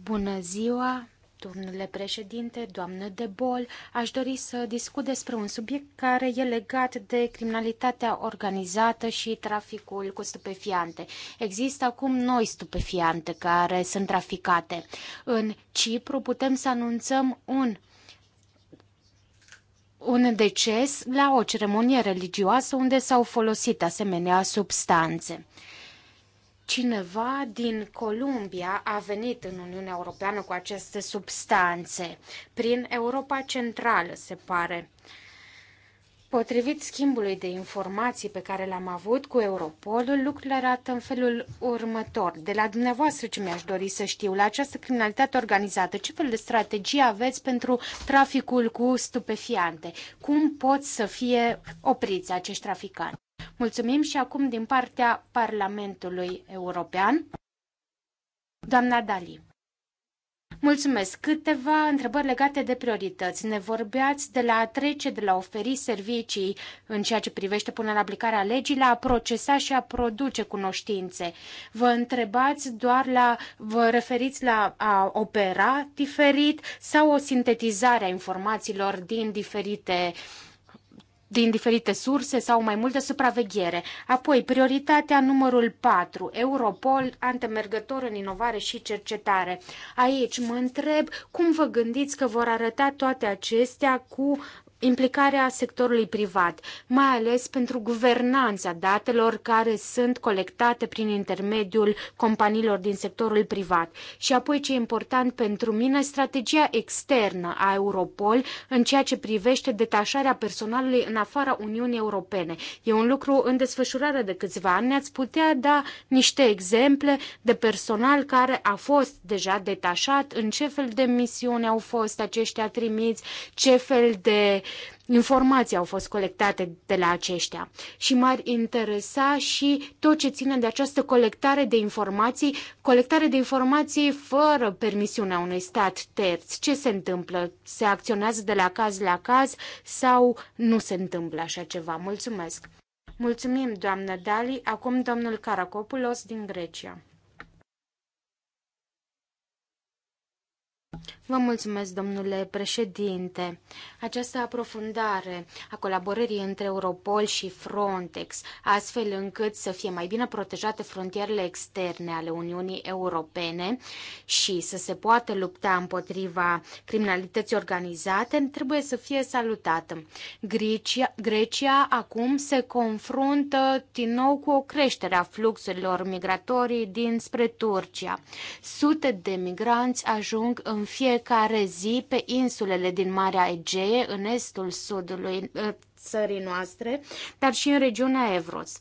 Speaker 2: Bună ziua, Domnule președinte, doamnă de bol, aș dori să discut despre un subiect care e legat de criminalitatea organizată și traficul cu stupefiante. Există acum noi stupefiante care sunt traficate. În Cipru putem să anunțăm un un deces la o ceremonie religioasă unde s-au folosit asemenea substanțe cineva din Columbia a venit în Uniunea Europeană cu aceste substanțe, prin Europa Centrală, se pare. Potrivit schimbului de informații pe care l-am avut cu Europolul, lucrurile arată în felul următor. De la dumneavoastră ce mi-aș dori să știu, la această criminalitate organizată, ce fel de strategie aveți pentru traficul cu stupefiante? Cum pot să fie opriți acești traficanți? Mulțumim și acum din partea Parlamentului European. Doamna Dali. Mulțumesc. Câteva întrebări legate de priorități. Ne vorbeați de la a trece, de la a oferi servicii în ceea ce privește până la aplicarea legii, la a procesa și a produce cunoștințe. Vă întrebați doar la, vă referiți la a opera diferit sau o sintetizare a informațiilor din diferite uh, din diferite surse sau mai multă supraveghere. Apoi, prioritatea numărul 4, Europol, antemergător în inovare și cercetare. Aici mă întreb cum vă gândiți că vor arăta toate acestea cu implicarea sectorului privat, mai ales pentru guvernanța datelor care sunt colectate prin intermediul companiilor din sectorul privat. Și apoi ce e important pentru mine, strategia externă a Europol în ceea ce privește detașarea personalului în afara Uniunii Europene. E un lucru în desfășurare de câțiva ani. Ne-ați putea da niște exemple de personal care a fost deja detașat, în ce fel de misiuni au fost aceștia trimiți, ce fel de informații au fost colectate de la aceștia și m-ar interesa și tot ce ține de această colectare de informații, colectare de informații fără permisiunea unui stat terț. Ce se întâmplă? Se acționează de la caz la caz sau nu se întâmplă așa ceva? Mulțumesc! Mulțumim, doamnă Dali. Acum domnul Caracopulos din Grecia. Vă mulțumesc, domnule președinte. Această aprofundare a colaborării între Europol și Frontex, astfel încât să fie mai bine protejate frontierele externe ale Uniunii Europene și să se poată lupta împotriva criminalității organizate, trebuie să fie salutată. Grecia, Grecia acum se confruntă din nou cu o creștere a fluxurilor migratorii dinspre Turcia. Sute de migranți ajung în fiecare fiecare zi pe insulele din Marea Egee, în estul sudului țării noastre, dar și în regiunea Evros.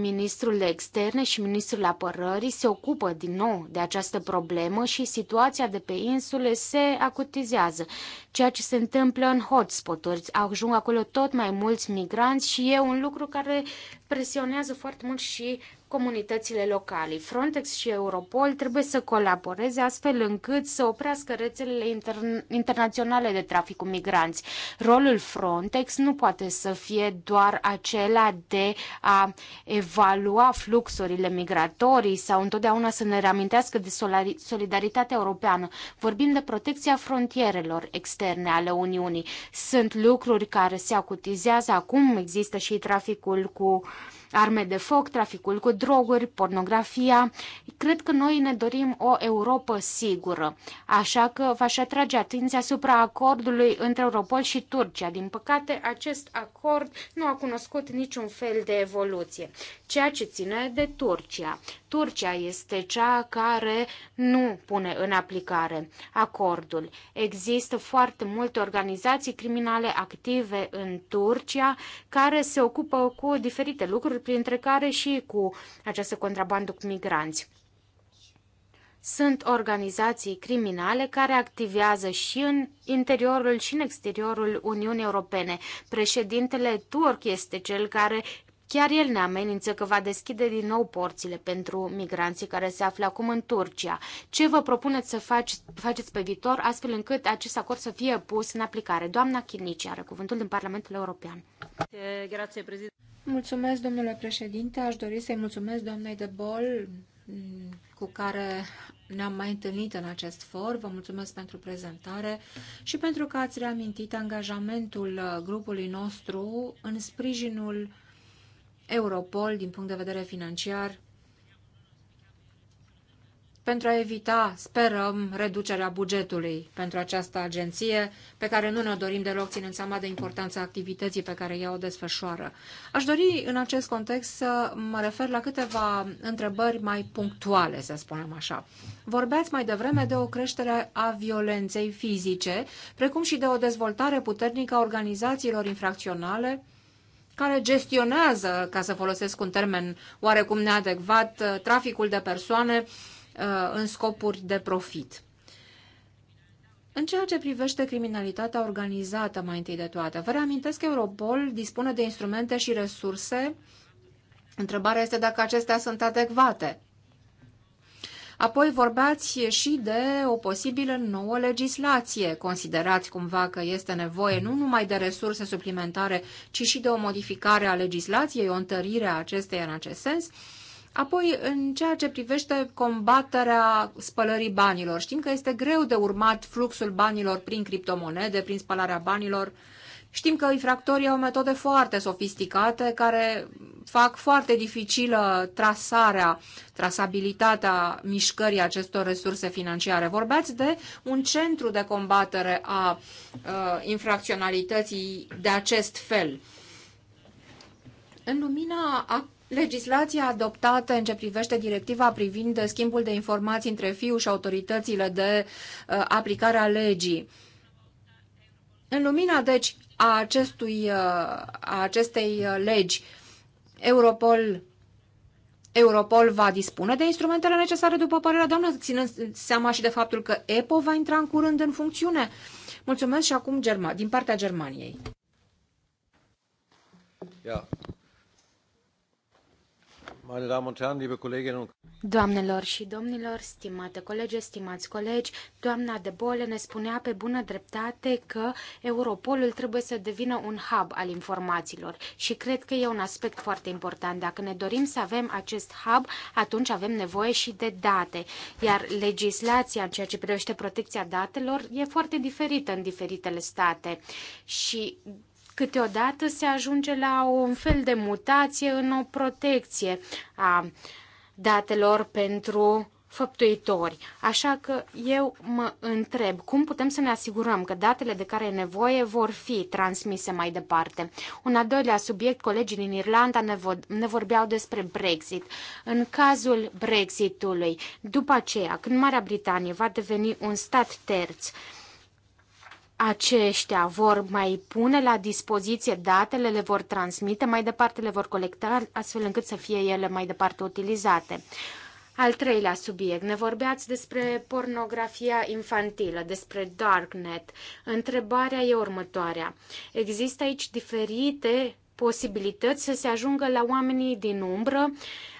Speaker 2: Ministrul de Externe și Ministrul Apărării se ocupă din nou de această problemă și situația de pe insule se acutizează. Ceea ce se întâmplă în hotspot-uri, ajung acolo tot mai mulți migranți și e un lucru care presionează foarte mult și comunitățile locale. Frontex și Europol trebuie să colaboreze astfel încât să oprească rețelele inter- internaționale de trafic cu migranți. Rolul Frontex nu poate să fie doar acela de a evalua fluxurile migratorii sau întotdeauna să ne reamintească de solidaritatea europeană. Vorbim de protecția frontierelor externe ale Uniunii. Sunt lucruri care se acutizează acum, există și traficul cu uh, arme de foc, traficul cu droguri, pornografia. Cred că noi ne dorim o Europa sigură, așa că v-aș atrage atenția asupra acordului între Europol și Turcia. Din păcate, acest acord nu a cunoscut niciun fel de evoluție ceea ce ține de Turcia. Turcia este cea care nu pune în aplicare acordul. Există foarte multe organizații criminale active în Turcia care se ocupă cu diferite lucruri, printre care și cu această contrabandă cu migranți sunt organizații criminale care activează și în interiorul și în exteriorul Uniunii Europene. Președintele turc este cel care Chiar el ne amenință că va deschide din nou porțile pentru migranții care se află acum în Turcia. Ce vă propuneți să faci, faceți pe viitor astfel încât acest acord să fie pus în aplicare? Doamna Chinici are cuvântul din Parlamentul European.
Speaker 3: Mulțumesc, domnule președinte. Aș dori să-i mulțumesc doamnei de Bol cu care ne-am mai întâlnit în acest for. Vă mulțumesc pentru prezentare și pentru că ați reamintit angajamentul grupului nostru în sprijinul Europol din punct de vedere financiar pentru a evita, sperăm, reducerea bugetului pentru această agenție, pe care nu ne-o dorim deloc, ținând seama de importanța activității pe care ea o desfășoară. Aș dori, în acest context, să mă refer la câteva întrebări mai punctuale, să spunem așa. Vorbeați mai devreme de o creștere a violenței fizice, precum și de o dezvoltare puternică a organizațiilor infracționale, care gestionează, ca să folosesc un termen oarecum neadecvat, uh, traficul de persoane uh, în scopuri de profit. În ceea ce privește criminalitatea organizată, mai întâi de toate, vă reamintesc că Europol dispune de instrumente și resurse. Întrebarea este dacă acestea sunt adecvate. Apoi vorbeați și de o posibilă nouă legislație. Considerați cumva că este nevoie nu numai de resurse suplimentare, ci și de o modificare a legislației, o întărire a acesteia în acest sens. Apoi, în ceea ce privește combaterea spălării banilor, știm că este greu de urmat fluxul banilor prin criptomonede, prin spălarea banilor, uh, Știm că infractorii au metode foarte sofisticate care fac foarte dificilă trasarea, trasabilitatea mișcării acestor resurse financiare. Vorbeați de un centru de combatere a uh, infracționalității de acest fel. În lumina a Legislația adoptată în ce privește directiva privind schimbul de informații între fiu și autoritățile de uh, aplicare a legii. În lumina, deci, a, acestui, uh, a acestei uh, legi, Europol, Europol va dispune de instrumentele necesare, după părerea doamnă, ținând seama și de faptul că EPO va intra în curând în funcțiune. Mulțumesc și acum Germa, din partea Germaniei.
Speaker 1: Yeah.
Speaker 2: Doamnelor și domnilor, stimate colegi, stimați colegi, doamna de Bole ne spunea pe bună dreptate că Europolul trebuie să devină un hub al informațiilor și cred că e un aspect foarte important. Dacă ne dorim să avem acest hub, atunci avem nevoie și de date, iar legislația în ceea ce privește protecția datelor e foarte diferită în diferitele state și Câteodată se ajunge la un fel de mutație în o protecție a datelor pentru făptuitori. Așa că eu mă întreb cum putem să ne asigurăm că datele de care e nevoie vor fi transmise mai departe. Un al doilea subiect, colegii din Irlanda ne, vo- ne vorbeau despre Brexit. În cazul Brexitului, după aceea, când Marea Britanie va deveni un stat terț, uh, aceștia vor mai pune la dispoziție datele, le vor transmite mai departe, le vor colecta astfel încât să fie ele mai departe utilizate. Al treilea subiect, ne vorbeați despre pornografia infantilă, despre darknet. Întrebarea e următoarea. Există aici diferite posibilități să se ajungă la oamenii din umbră,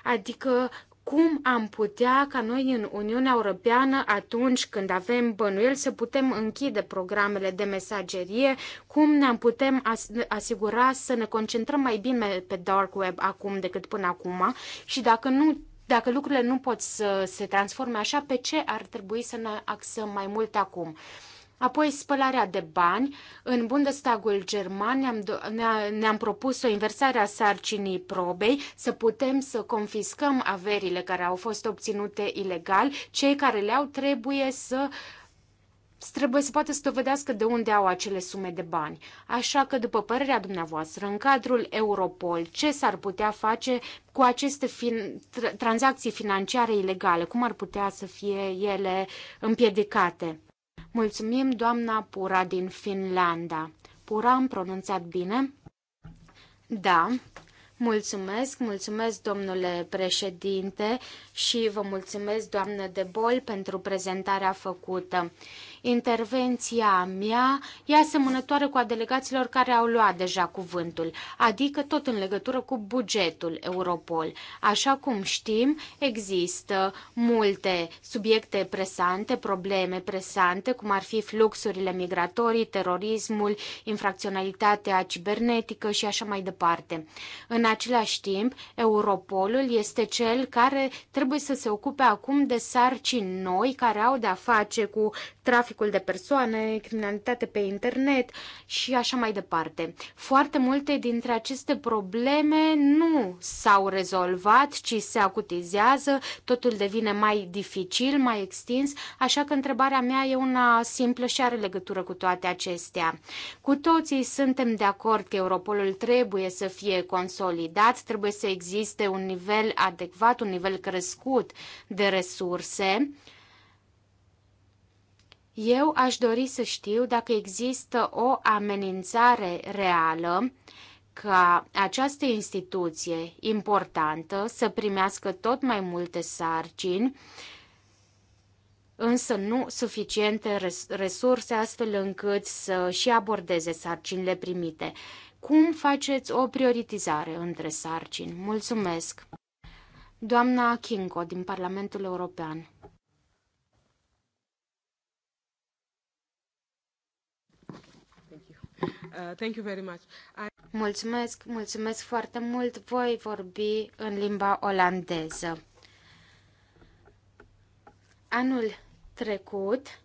Speaker 2: adică cum am putea ca noi în Uniunea Europeană, atunci când avem bănuieli, să putem închide programele de mesagerie, cum ne-am putem asigura să ne concentrăm mai bine pe dark web acum decât până acum și dacă nu dacă lucrurile nu pot să se transforme așa, pe ce ar trebui să ne axăm mai mult acum? Apoi spălarea de bani. În Bundestagul german ne-am, ne am propus o inversare a sarcinii probei, să putem să confiscăm averile care au fost obținute ilegal. Cei care le-au trebuie să trebuie să poată să dovedească de unde au acele sume de bani. Așa că, după părerea dumneavoastră, în cadrul Europol, ce s-ar putea face cu aceste fin- tranzacții financiare ilegale? Cum ar putea să fie ele împiedicate? Mulțumim, doamna Pura din Finlanda. Pura, am pronunțat bine? Da. Mulțumesc, mulțumesc domnule președinte și vă mulțumesc doamnă de Bol pentru prezentarea făcută. Intervenția mea e asemănătoare cu a delegaților care au luat deja cuvântul, adică tot în legătură cu bugetul Europol. Așa cum știm, există multe subiecte presante, probleme presante, cum ar fi fluxurile migratorii, terorismul, infracționalitatea cibernetică și așa mai departe. În același timp, Europolul este cel care trebuie să se ocupe acum de sarcini noi care au de-a face cu trafic traficul de persoane, criminalitate pe internet și așa mai departe. Foarte multe dintre aceste probleme nu s-au rezolvat, ci se acutizează, totul devine mai dificil, mai extins, așa că întrebarea mea e una simplă și are legătură cu toate acestea. Cu toții suntem de acord că Europolul trebuie să fie consolidat, trebuie să existe un nivel adecvat, un nivel crescut de resurse eu aș dori să știu dacă există o amenințare reală ca această instituție importantă să primească tot mai multe sarcini, însă nu suficiente resurse astfel încât să și abordeze sarcinile primite. Cum faceți o prioritizare între sarcini? Mulțumesc! Doamna Kinko din Parlamentul European Uh, thank you very much. I... Mulțumesc, mulțumesc foarte mult. Voi vorbi în limba olandeză. Anul trecut,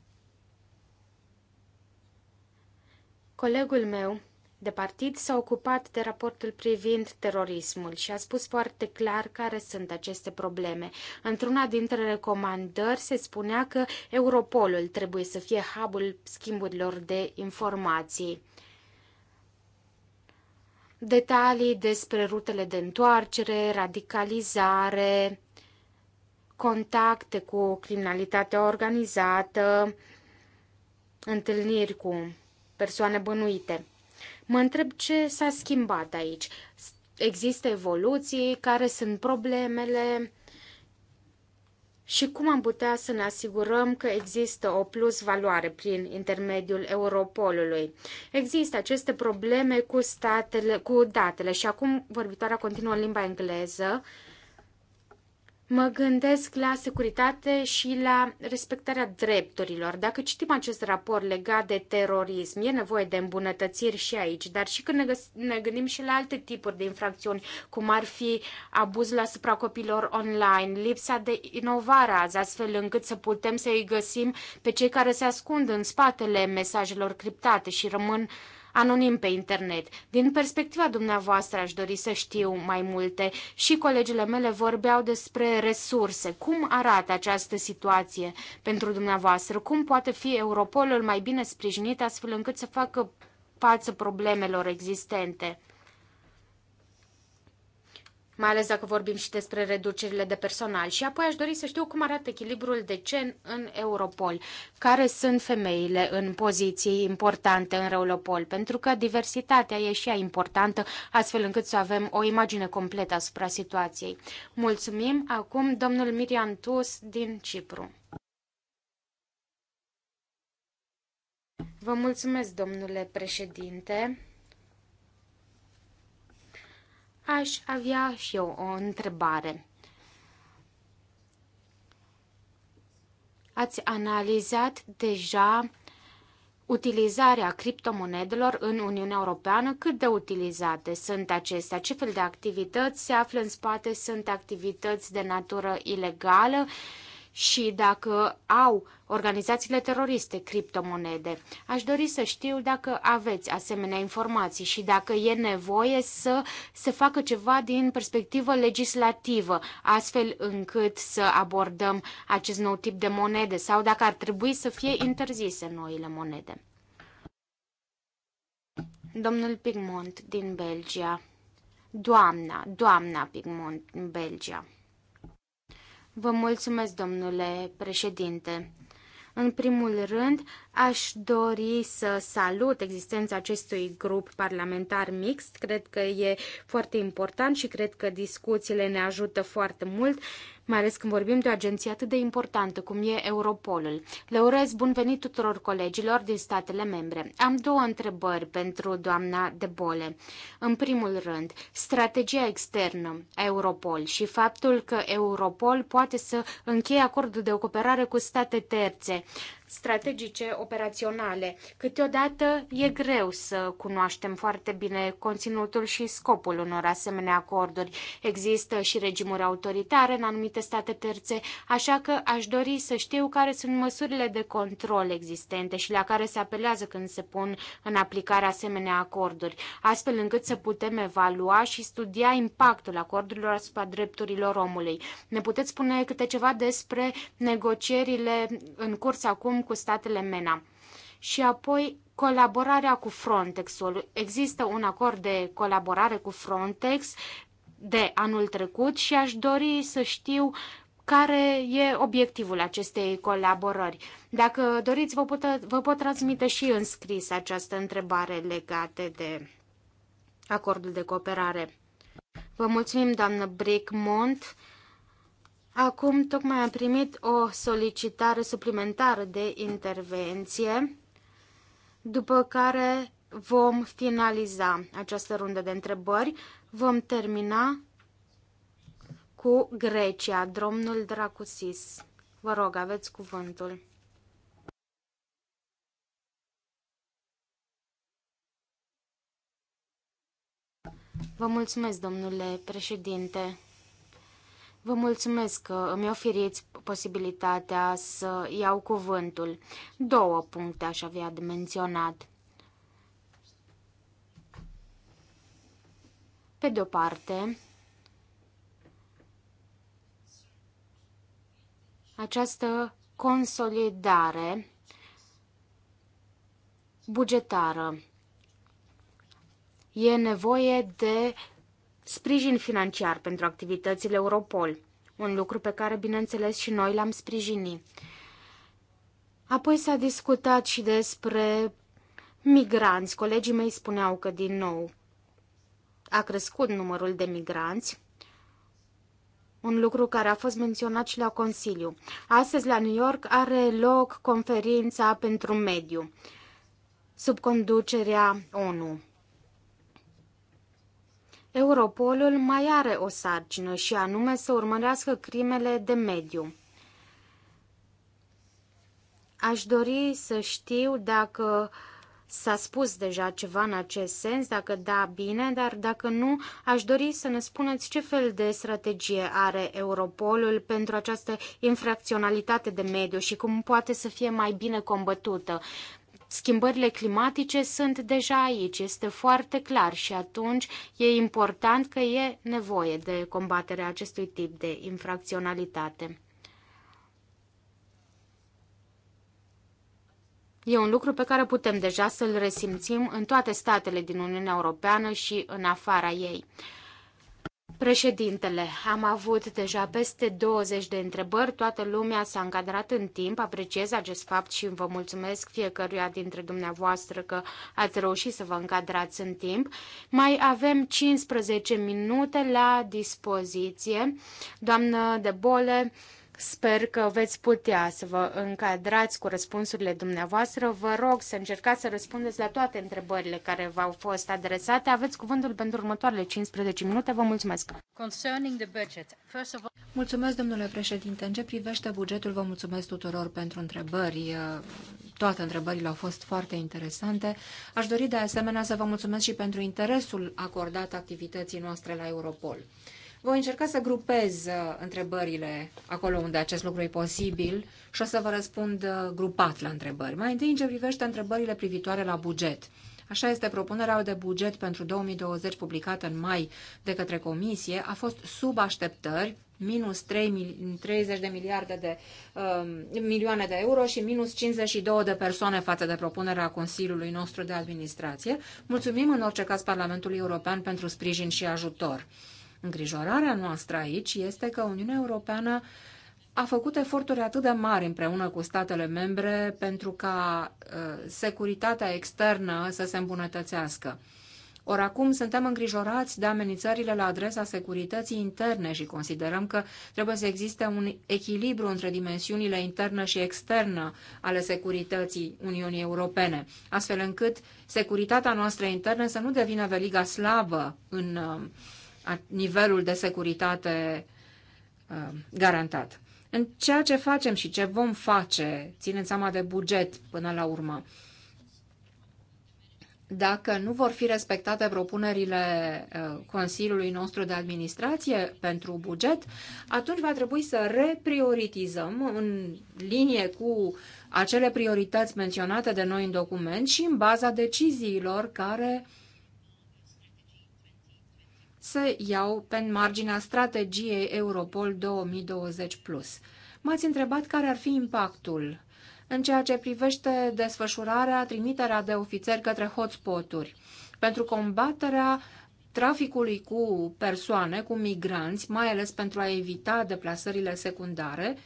Speaker 2: colegul meu de partid s-a ocupat de raportul privind terorismul și a spus foarte clar care sunt aceste probleme. Într-una dintre recomandări se spunea că Europolul trebuie să fie hubul schimburilor de informații detalii despre rutele de întoarcere, radicalizare, contacte cu criminalitatea organizată, întâlniri cu persoane bănuite. Mă întreb ce s-a schimbat aici. Există evoluții, care sunt problemele, și cum am putea să ne asigurăm că există o plus valoare prin intermediul Europolului. Există aceste probleme cu, statele, cu datele și acum vorbitoarea continuă în limba engleză. Uh, Mă gândesc la securitate și la respectarea drepturilor. Dacă citim acest raport legat de terorism, e nevoie de îmbunătățiri și aici, dar și când ne, ne gândim și la alte tipuri de infracțiuni, cum ar fi abuzul asupra copilor online, lipsa de inovare azi, astfel încât să putem să îi găsim pe cei care se ascund în spatele mesajelor criptate și rămân uh, anonim pe internet. Din perspectiva dumneavoastră aș dori să știu mai multe și colegile mele vorbeau despre resurse. Cum arată această situație pentru dumneavoastră? Cum poate fi Europolul mai bine sprijinit astfel încât să facă față problemelor existente? mai ales dacă vorbim și despre reducerile de personal. Și apoi aș dori să știu cum arată echilibrul de gen în Europol, care sunt femeile în poziții importante în Europol, pentru că diversitatea e și ea importantă, astfel încât să avem o imagine completă asupra situației. Mulțumim! Acum domnul Mirian Tus din Cipru. Vă mulțumesc, domnule președinte aș avea și eu o întrebare. Ați analizat deja utilizarea criptomonedelor în Uniunea Europeană, cât de utilizate sunt acestea, ce fel de activități se află în spate, sunt activități de natură ilegală, și dacă au organizațiile teroriste criptomonede. Aș dori să știu dacă aveți asemenea informații și dacă e nevoie să se facă ceva din perspectivă legislativă, astfel încât să abordăm acest nou tip de monede sau dacă ar trebui să fie interzise noile monede. Domnul Pigmont din Belgia. Doamna, doamna Pigmont din Belgia. Vă mulțumesc, domnule președinte. În primul rând, aș dori să salut existența acestui grup parlamentar mixt. Cred că e foarte important și cred că discuțiile ne ajută foarte mult mai ales când vorbim de o agenție atât de importantă cum e Europolul. Le urez bun venit tuturor colegilor din statele membre. Am două întrebări pentru doamna de bole. În primul rând, strategia externă a Europol și faptul că Europol poate să încheie acordul de cooperare cu state terțe strategice operaționale. Câteodată e greu să cunoaștem foarte bine conținutul și scopul unor asemenea acorduri. Există și regimuri autoritare în anumite state terțe, așa că aș dori să știu care sunt măsurile de control existente și la care se apelează când se pun în aplicare asemenea acorduri, astfel încât să putem evalua și studia impactul acordurilor asupra drepturilor omului. Ne puteți spune câte ceva despre negocierile în curs acum comun cu statele MENA. Și apoi colaborarea cu Frontex-ul. Există un acord de colaborare cu Frontex de anul trecut și aș dori să știu care e obiectivul acestei colaborări. Dacă doriți, vă pot, vă pot transmite și în scris această întrebare legată de acordul de cooperare. Vă mulțumim, doamnă Brickmont. Acum tocmai am primit o solicitare suplimentară de intervenție, după care vom finaliza această rundă de întrebări. Vom termina cu Grecia, domnul Dracusis. Vă rog, aveți cuvântul. Vă mulțumesc, domnule președinte. Vă mulțumesc că îmi oferiți posibilitatea să iau cuvântul. Două puncte aș avea de menționat. Pe de-o parte, această consolidare bugetară. E nevoie de Sprijin financiar pentru activitățile Europol, un lucru pe care, bineînțeles, și noi l-am sprijinit. Apoi s-a discutat și despre migranți. Colegii mei spuneau că, din nou, a crescut numărul de migranți, un lucru care a fost menționat și la Consiliu. Astăzi, la New York, are loc conferința pentru mediu, sub conducerea ONU. Europolul mai are o sarcină și anume să urmărească crimele de mediu. Aș dori să știu dacă s-a spus deja ceva în acest sens, dacă da, bine, dar dacă nu, aș dori să ne spuneți ce fel de strategie are Europolul pentru această infracționalitate de mediu și cum poate să fie mai bine combătută. Schimbările climatice sunt deja aici, este foarte clar și atunci e important că e nevoie de combaterea acestui tip de infracționalitate. E un lucru pe care putem deja să-l resimțim în toate statele din Uniunea Europeană și în afara ei. Președintele, am avut deja peste 20 de întrebări, toată lumea s-a încadrat în timp, apreciez acest fapt și vă mulțumesc fiecăruia dintre dumneavoastră că ați reușit să vă încadrați în timp. Mai avem 15 minute la dispoziție. Doamnă de Bole, Sper că veți putea să vă încadrați cu răspunsurile dumneavoastră. Vă rog să încercați să răspundeți la toate întrebările care v-au fost adresate. Aveți cuvântul pentru următoarele 15 minute. Vă mulțumesc. Mulțumesc, domnule președinte.
Speaker 3: În ce privește bugetul, vă mulțumesc tuturor pentru întrebări. Toate întrebările au fost foarte interesante. Aș dori de asemenea să vă mulțumesc și pentru interesul acordat activității noastre la Europol. Voi încerca să grupez uh, întrebările acolo unde acest lucru e posibil și o să vă răspund uh, grupat la întrebări. Mai întâi în ce privește întrebările privitoare la buget. Așa este, propunerea de buget pentru 2020 publicată în mai de către Comisie a fost sub așteptări, minus 3, 30 de miliarde de uh, milioane de euro și minus 52 de persoane față de propunerea Consiliului nostru de administrație. Mulțumim în orice caz Parlamentului European pentru sprijin și ajutor. Îngrijorarea noastră aici este că Uniunea Europeană a făcut eforturi atât de mari împreună cu statele membre pentru ca uh, securitatea externă să se îmbunătățească. Ori acum suntem îngrijorați de amenințările la adresa securității interne și considerăm că trebuie să existe un echilibru între dimensiunile internă și externă ale securității Uniunii Europene, astfel încât securitatea noastră internă să nu devină veliga slabă în uh, nivelul de securitate uh, garantat. În ceea ce facem și ce vom face, ținând seama de buget până la urmă, dacă nu vor fi respectate propunerile uh, Consiliului nostru de administrație pentru buget, atunci va trebui să reprioritizăm în linie cu acele priorități menționate de noi în document și în baza deciziilor care uh, se iau pe marginea strategiei Europol 2020+. M-ați întrebat care ar fi impactul în ceea ce privește desfășurarea, trimiterea de ofițeri către hotspoturi pentru combaterea traficului cu persoane, cu migranți, mai ales pentru a evita deplasările secundare,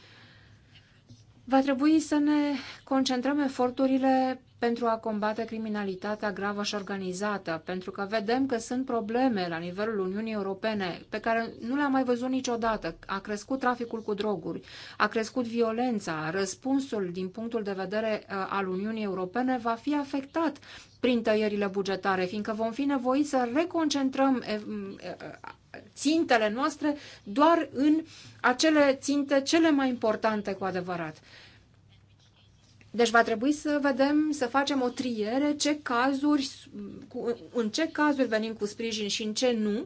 Speaker 3: va trebui să ne concentrăm eforturile pentru a combate criminalitatea gravă și organizată, pentru că vedem că sunt probleme la nivelul Uniunii Europene pe care nu le-am mai văzut niciodată. A crescut traficul cu droguri, a crescut violența, răspunsul din punctul de vedere uh, al Uniunii Europene va fi afectat prin tăierile bugetare, fiindcă vom fi nevoiți să reconcentrăm uh, uh, țintele noastre doar în acele ținte cele mai importante cu adevărat. Deci va trebui să vedem, să facem o triere, ce cazuri, în ce cazuri venim cu sprijin și în ce nu.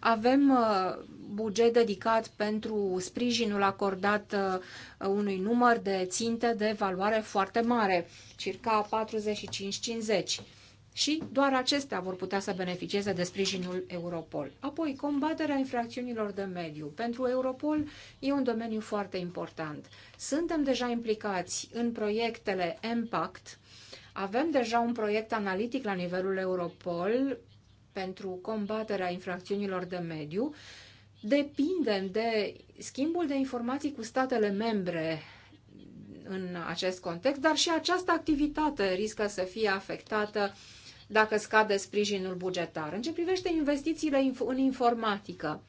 Speaker 3: Avem uh, buget dedicat pentru sprijinul acordat uh, unui număr de ținte de valoare foarte mare, circa 45-50 și doar acestea vor putea să beneficieze de sprijinul Europol. Apoi, combaterea infracțiunilor de mediu. Pentru Europol e un domeniu foarte important. Suntem deja implicați în proiectele Impact. Avem deja un proiect analitic la nivelul Europol pentru combaterea infracțiunilor de mediu. Depindem de schimbul de informații cu statele membre în acest context, dar și această activitate riscă să fie afectată dacă scade sprijinul bugetar. În ce privește investițiile în informatică,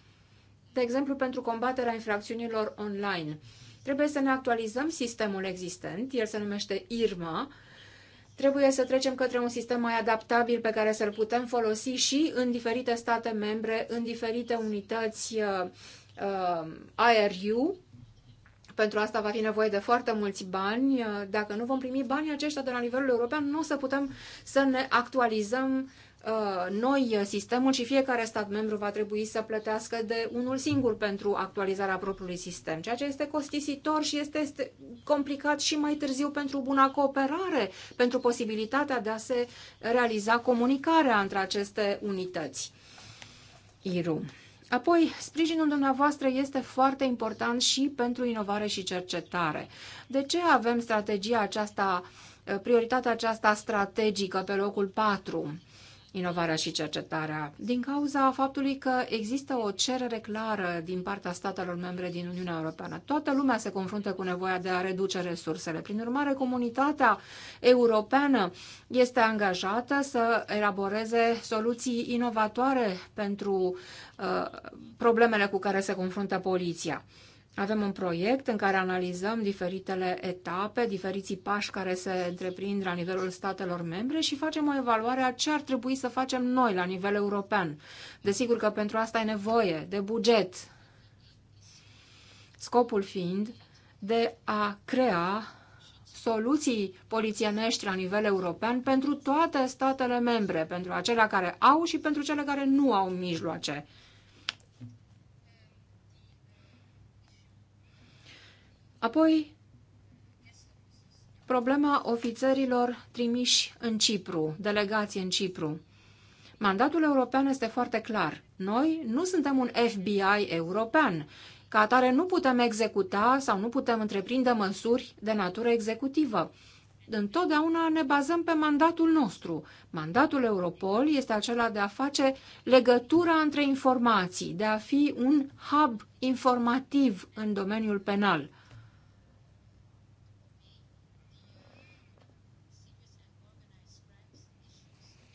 Speaker 3: de exemplu pentru combaterea infracțiunilor online, trebuie să ne actualizăm sistemul existent, el se numește IRMA, trebuie să trecem către un sistem mai adaptabil pe care să-l putem folosi și în diferite state membre, în diferite unități uh, uh, IRU, pentru asta va fi nevoie de foarte mulți bani. Dacă nu vom primi banii aceștia de la nivelul european, nu o să putem să ne actualizăm uh, noi sistemul și fiecare stat membru va trebui să plătească de unul singur pentru actualizarea propriului sistem, ceea ce este costisitor și este, este complicat și mai târziu pentru buna cooperare, pentru posibilitatea de a se realiza comunicarea între aceste unități. Iru. Apoi, sprijinul dumneavoastră este foarte important și pentru inovare și cercetare. De ce avem strategia aceasta, prioritatea aceasta strategică pe locul 4? inovarea și cercetarea, din cauza faptului că există o cerere clară din partea statelor membre din Uniunea Europeană. Toată lumea se confruntă cu nevoia de a reduce resursele. Prin urmare, comunitatea europeană este angajată să elaboreze soluții inovatoare pentru Uh, problemele cu care se confruntă poliția. Avem un proiect în care analizăm diferitele etape, diferiții pași care se întreprind la nivelul statelor membre și facem o evaluare a ce ar trebui să facem noi la nivel european. Desigur că pentru asta e nevoie de buget. Scopul fiind de a crea soluții polițienești la nivel european pentru toate statele membre, pentru acelea care au și pentru cele care nu au mijloace. Apoi, problema ofițerilor trimiși în Cipru, delegații în Cipru. Mandatul european este foarte clar. Noi nu suntem un FBI european. Ca atare nu putem executa sau nu putem întreprinde măsuri de natură executivă. Întotdeauna ne bazăm pe mandatul nostru. Mandatul Europol este acela de a face legătura între informații, de a fi un hub informativ în domeniul penal.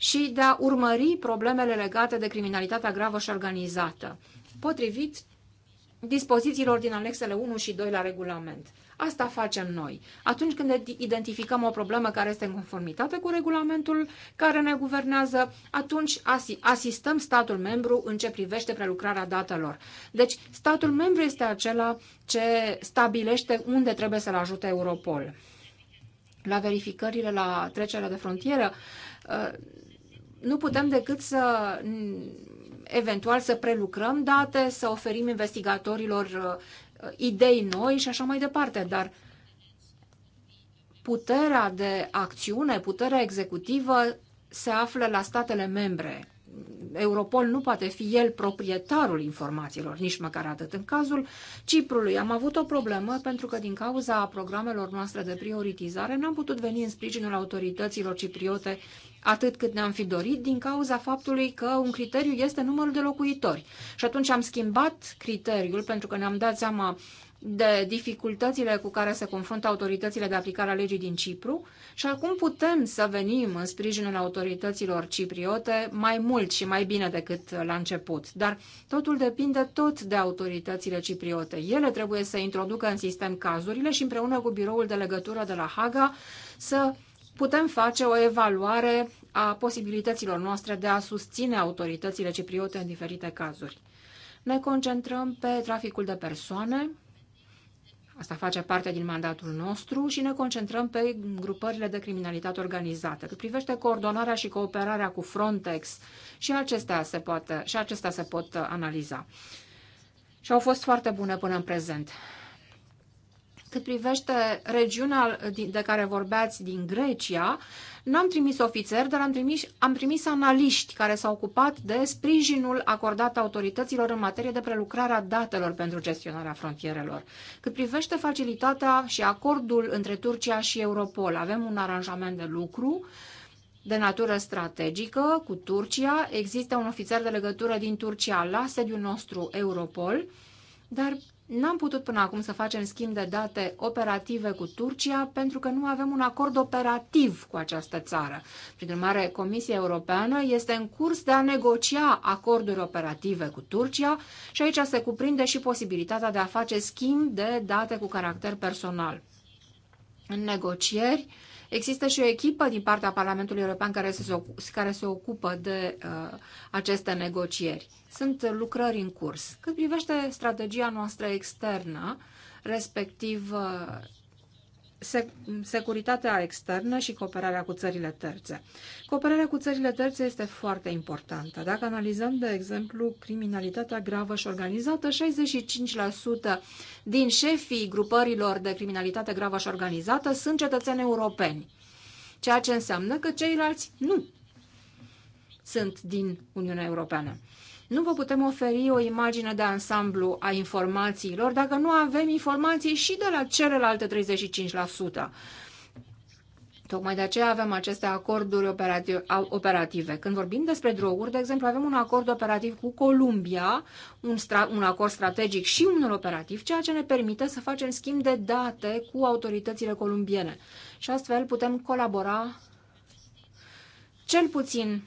Speaker 3: și de a urmări problemele legate de criminalitatea gravă și organizată, potrivit dispozițiilor din anexele 1 și 2 la regulament. Asta facem noi. Atunci când identificăm o problemă care este în conformitate cu regulamentul care ne guvernează, atunci asistăm statul membru în ce privește prelucrarea datelor. Deci, statul membru este acela ce stabilește unde trebuie să-l ajute Europol. La verificările la trecerea de frontieră, ă, nu putem decât să mm, eventual să prelucrăm date, să oferim investigatorilor uh, idei noi și așa mai departe, dar puterea de acțiune, puterea executivă se află la statele membre. Europol nu poate fi el proprietarul informațiilor, nici măcar atât. În cazul Ciprului am avut o problemă pentru că din cauza programelor noastre de prioritizare n-am putut veni în sprijinul autorităților cipriote atât cât ne-am fi dorit, din cauza faptului că un criteriu este numărul de locuitori. Și atunci am schimbat criteriul pentru că ne-am dat seama de dificultățile cu care se confruntă autoritățile de aplicare a legii din Cipru și acum putem să venim în sprijinul autorităților cipriote mai mult și mai bine decât la început. Dar totul depinde tot de autoritățile cipriote. Ele trebuie să introducă în sistem cazurile și împreună cu biroul de legătură de la Haga să putem face o evaluare a posibilităților noastre de a susține autoritățile cipriote în diferite cazuri. Ne concentrăm pe traficul de persoane, asta face parte din mandatul nostru, și ne concentrăm pe grupările de criminalitate organizată. Cât privește coordonarea și cooperarea cu Frontex, și acestea se, poate, și acestea se pot analiza. Și au fost foarte bune până în prezent. Cât privește regiunea de care vorbeați din Grecia, n-am trimis ofițeri, dar am trimis, am trimis analiști care s-au ocupat de sprijinul acordat autorităților în materie de prelucrarea datelor pentru gestionarea frontierelor. Cât privește facilitatea și acordul între Turcia și Europol, avem un aranjament de lucru de natură strategică cu Turcia. Există un ofițer de legătură din Turcia la sediul nostru Europol, dar N-am putut până acum să facem schimb de date operative cu Turcia pentru că nu avem un acord operativ cu această țară. Prin urmare, Comisia Europeană este în curs de a negocia acorduri operative cu Turcia și aici se cuprinde și posibilitatea de a face schimb de date cu caracter personal. În negocieri, Există și o echipă din partea Parlamentului European care se, care se ocupă de uh, aceste negocieri. Sunt lucrări în curs. Cât privește strategia noastră externă, respectiv uh, securitatea externă și cooperarea cu țările terțe. Cooperarea cu țările terțe este foarte importantă. Dacă analizăm, de exemplu, criminalitatea gravă și organizată, 65% din șefii grupărilor de criminalitate gravă și organizată sunt cetățeni europeni, ceea ce înseamnă că ceilalți nu sunt din Uniunea Europeană. Nu vă putem oferi o imagine de ansamblu a informațiilor dacă nu avem informații și de la celelalte 35%. Tocmai de aceea avem aceste acorduri operative. Când vorbim despre droguri, de exemplu, avem un acord operativ cu Columbia, un, un acord strategic și unul operativ, ceea ce ne permite să facem schimb de date cu autoritățile columbiene. Și astfel putem colabora cel puțin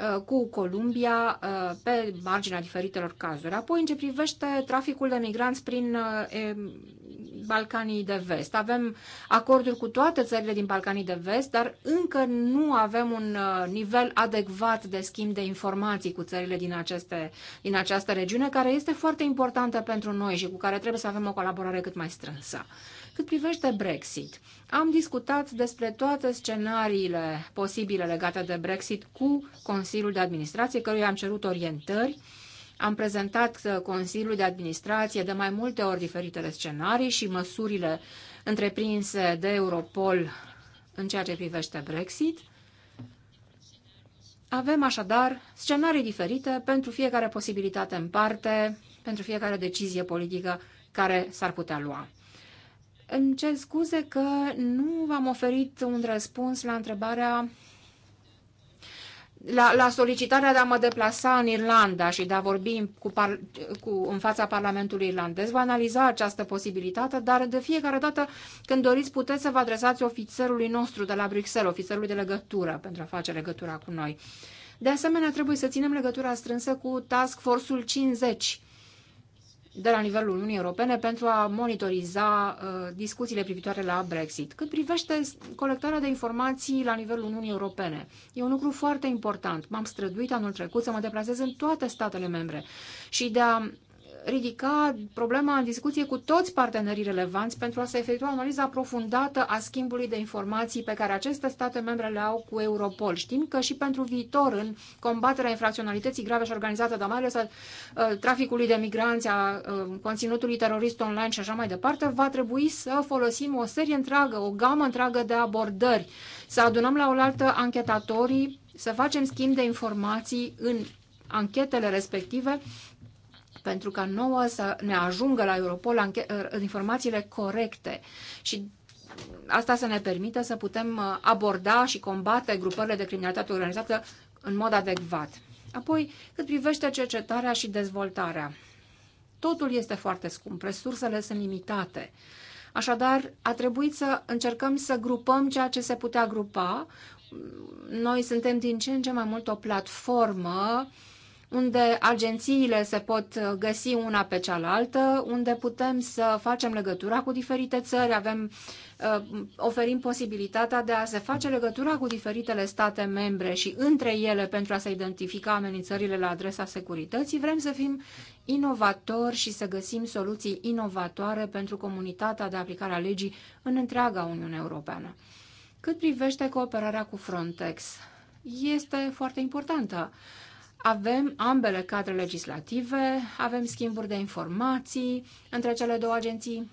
Speaker 3: Uh, cu Columbia uh, pe marginea diferitelor cazuri. Apoi, în ce privește traficul de migranți prin uh, Balcanii de Vest. Avem acorduri cu toate țările din Balcanii de Vest, dar încă nu avem un nivel adecvat de schimb de informații cu țările din, aceste, din această regiune, care este foarte importantă pentru noi și cu care trebuie să avem o colaborare cât mai strânsă. Cât privește Brexit, am discutat despre toate scenariile posibile legate de Brexit cu Consiliul de Administrație, căruia am cerut orientări. Am prezentat uh, Consiliul de Administrație de mai multe ori diferitele scenarii și măsurile întreprinse de Europol în ceea ce privește Brexit. Avem așadar scenarii diferite pentru fiecare posibilitate în parte, pentru fiecare decizie politică care s-ar putea lua. Îmi cer scuze că nu v-am oferit un răspuns la întrebarea la, la solicitarea de a mă deplasa în Irlanda și de a vorbi cu par, cu, în fața Parlamentului irlandez. Vă analiza această posibilitate, dar de fiecare dată când doriți puteți să vă adresați ofițerului nostru de la Bruxelles, ofițerului de legătură, pentru a face legătura cu noi. De asemenea, trebuie să ținem legătura strânsă cu Task Force-ul 50, de la nivelul Uniunii Europene pentru a monitoriza uh, discuțiile privitoare la Brexit. Cât privește colectarea de informații la nivelul Uniunii Europene, e un lucru foarte important. M-am străduit anul trecut să mă deplasez în toate statele membre și de a ridica problema în discuție cu toți partenerii relevanți pentru a se efectua o analiză aprofundată a schimbului de informații pe care aceste state membre le au cu Europol. Știm că și pentru viitor, în combaterea infracționalității grave și organizată, dar mai ales a traficului de migranți, a conținutului terorist online și așa mai departe, va trebui să folosim o serie întreagă, o gamă întreagă de abordări, să adunăm la oaltă anchetatorii, să facem schimb de informații în anchetele respective pentru ca nouă să ne ajungă la Europol uh, informațiile corecte și asta să ne permită să putem uh, aborda și combate grupările de criminalitate organizată în mod adecvat. Apoi, cât privește cercetarea și dezvoltarea. Totul este foarte scump, resursele sunt limitate. Așadar, a trebuit să încercăm să grupăm ceea ce se putea grupa. Noi suntem din ce în ce mai mult o platformă uh, unde agențiile se pot găsi una pe cealaltă, unde putem să facem legătura cu diferite țări, avem, uh, oferim posibilitatea de a se face legătura cu diferitele state membre și între ele pentru a se identifica amenințările la adresa securității. Vrem să fim inovatori și să găsim soluții inovatoare pentru comunitatea de aplicare a legii în întreaga Uniune Europeană. Cât privește cooperarea cu Frontex, este foarte importantă. Avem ambele cadre legislative, avem schimburi de informații între cele două agenții,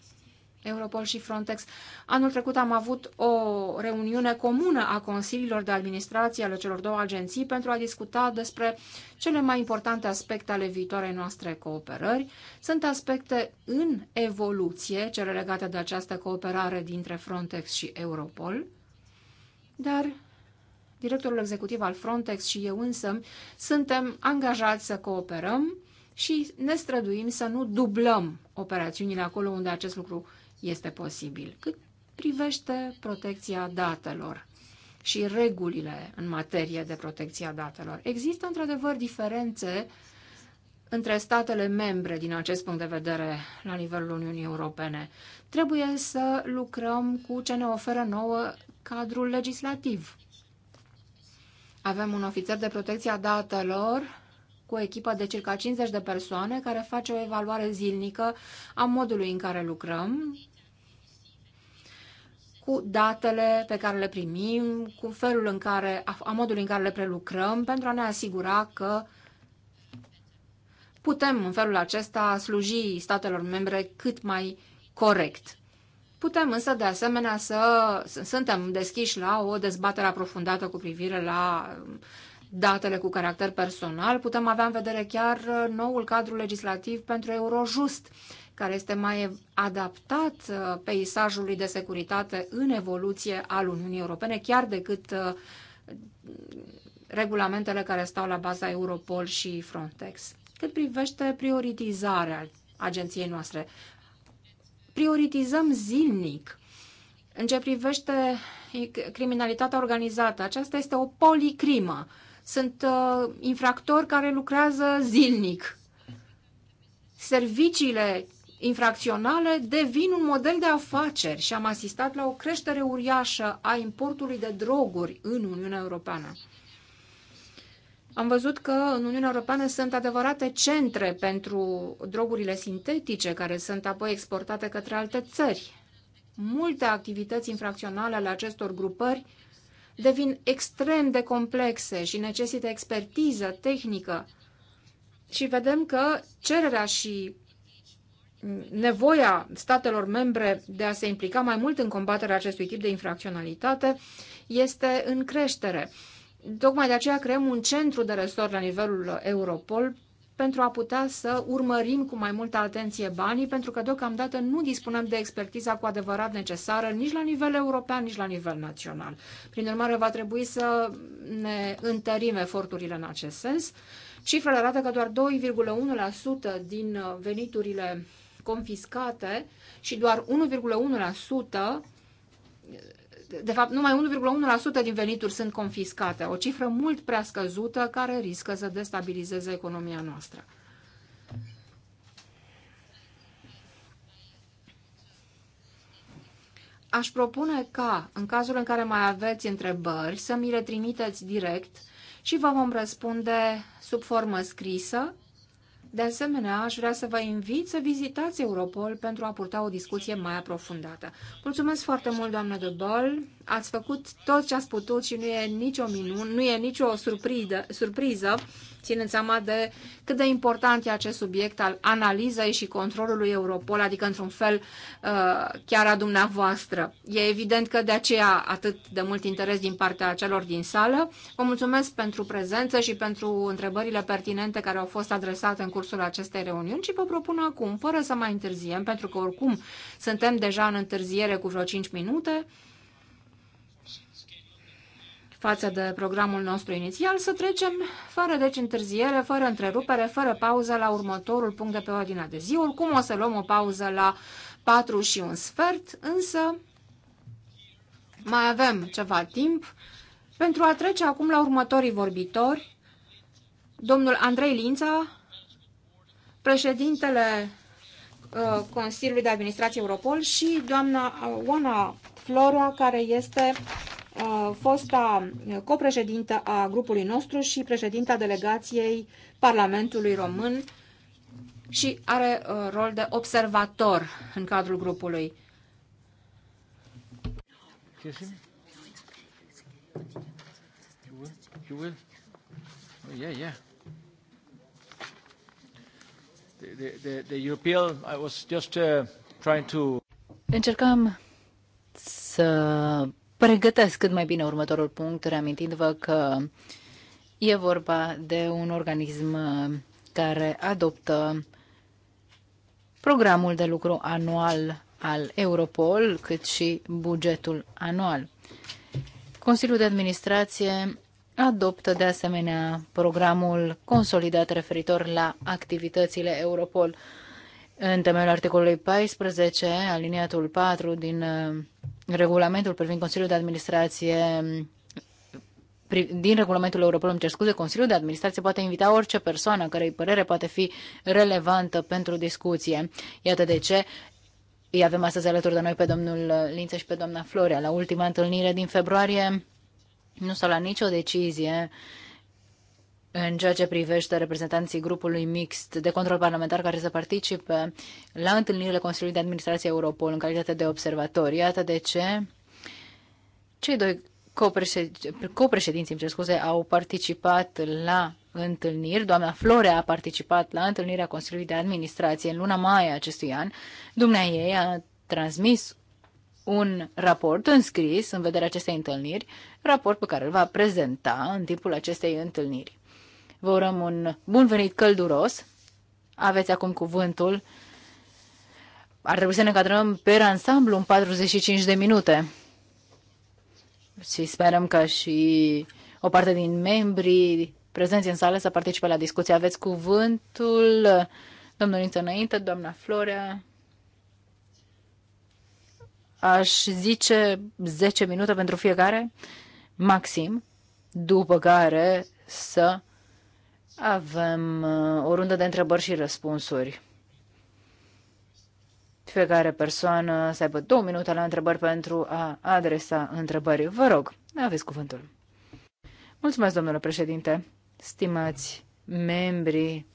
Speaker 3: Europol și Frontex. Anul trecut am avut o reuniune comună a Consiliilor de Administrație ale celor două agenții pentru a discuta despre cele mai importante aspecte ale viitoarei noastre cooperări. Sunt aspecte în evoluție, cele legate de această cooperare dintre Frontex și Europol, dar directorul executiv al Frontex și eu însă suntem angajați să cooperăm și ne străduim să nu dublăm operațiunile acolo unde acest lucru este posibil. Cât privește protecția datelor și regulile în materie de protecția datelor. Există într-adevăr diferențe între statele membre din acest punct de vedere la nivelul Uniunii Europene. Trebuie să lucrăm cu ce ne oferă nouă cadrul legislativ. Avem un ofițer de protecție a datelor cu o echipă de circa 50 de persoane care face o evaluare zilnică a modului în care lucrăm, cu datele pe care le primim, cu felul în care, a modul în care le prelucrăm, pentru a ne asigura că putem în felul acesta sluji statelor membre cât mai corect. Putem însă, de asemenea, să suntem deschiși la o dezbatere aprofundată cu privire la um, datele cu caracter personal. Putem avea în vedere chiar uh, noul cadru legislativ pentru Eurojust, care este mai adaptat uh, peisajului de securitate în evoluție al Uniunii Europene, chiar decât uh, regulamentele care stau la baza Europol și Frontex. Cât privește prioritizarea agenției noastre prioritizăm zilnic în ce privește criminalitatea organizată. Aceasta este o policrimă. Sunt uh, infractori care lucrează zilnic. Serviciile infracționale devin un model de afaceri și am asistat la o creștere uriașă a importului de droguri în Uniunea Europeană. Am văzut că în Uniunea Europeană sunt adevărate centre pentru drogurile sintetice care sunt apoi exportate către alte țări. Multe activități infracționale ale acestor grupări devin extrem de complexe și necesită expertiză tehnică. Și vedem că cererea și nevoia statelor membre de a se implica mai mult în combaterea acestui tip de infracționalitate este în creștere. Tocmai de aceea creăm un centru de resort la nivelul Europol pentru a putea să urmărim cu mai multă atenție banii, pentru că deocamdată nu dispunem de expertiza cu adevărat necesară nici la nivel european, nici la nivel național. Prin urmare, va trebui să ne întărim eforturile în acest sens. Cifrele arată că doar 2,1% din veniturile confiscate și doar 1,1% de fapt, numai 1,1% din venituri sunt confiscate, o cifră mult prea scăzută care riscă să destabilizeze economia noastră. Aș propune ca, în cazul în care mai aveți întrebări, să mi le trimiteți direct și vă vom răspunde sub formă scrisă de asemenea, aș vrea să vă invit să vizitați Europol pentru a purta o discuție mai aprofundată. Mulțumesc foarte mult, doamnă de Ați făcut tot ce ați putut și nu e nicio minun, nu e nicio surpriză, surpriză ținând seama de cât de important e acest subiect al analizei și controlului Europol, adică într-un fel uh, chiar a dumneavoastră. E evident că de aceea atât de mult interes din partea celor din sală. Vă mulțumesc pentru prezență și pentru întrebările pertinente care au fost adresate în cursul acestei reuniuni și vă propun acum, fără să mai întârziem, pentru că oricum suntem deja în întârziere cu vreo 5 minute, față de programul nostru inițial, să trecem fără deci întârziere, fără întrerupere, fără pauză la următorul punct de pe ordinea de zi. Oricum o să luăm o pauză la 4 și un sfert, însă mai avem ceva timp pentru a trece acum la următorii vorbitori. Domnul Andrei Lința, președintele uh, Consiliului de Administrație Europol și doamna uh, Oana Flora, care este fosta copreședintă a grupului nostru și președinta delegației Parlamentului Român și are rol de observator în cadrul grupului.
Speaker 1: Uh, Încercăm să pregătesc cât mai bine următorul punct, reamintindu-vă că e vorba de un organism care adoptă programul de lucru anual al Europol, cât și bugetul anual. Consiliul de Administrație adoptă de asemenea programul consolidat referitor la activitățile Europol în temeiul articolului 14, aliniatul 4 din regulamentul privind Consiliul de Administrație din regulamentul european, îmi cer scuze, Consiliul de Administrație poate invita orice persoană cărei părere poate fi relevantă pentru discuție. Iată de ce îi avem astăzi alături de noi pe domnul Lință și pe doamna Florea. La ultima întâlnire din februarie nu s-a luat nicio decizie uh, în ceea ce privește reprezentanții grupului mixt de control parlamentar care să participe la întâlnirile Consiliului de Administrație Europol în calitate de observatori. Iată de ce cei doi copreședinții, îmi scuze, au participat la întâlniri. Doamna Florea a participat la întâlnirea Consiliului de Administrație în luna mai acestui an. Dumnea ei a transmis un raport înscris în vederea acestei întâlniri, raport pe care îl va prezenta în timpul acestei întâlniri. Vă urăm un bun venit călduros. Aveți acum cuvântul. Ar trebui să ne cadrăm pe ansamblu în 45 de minute. Și sperăm că și o parte din membrii prezenți în sală să participe la discuție. Aveți cuvântul, domnuliță înainte, doamna Florea. Aș zice 10 minute pentru fiecare, maxim, după care să avem uh, o rundă de întrebări și răspunsuri. Fiecare persoană să aibă două minute la întrebări pentru a adresa întrebări. Vă rog, aveți cuvântul. Mulțumesc, domnule președinte, stimați membri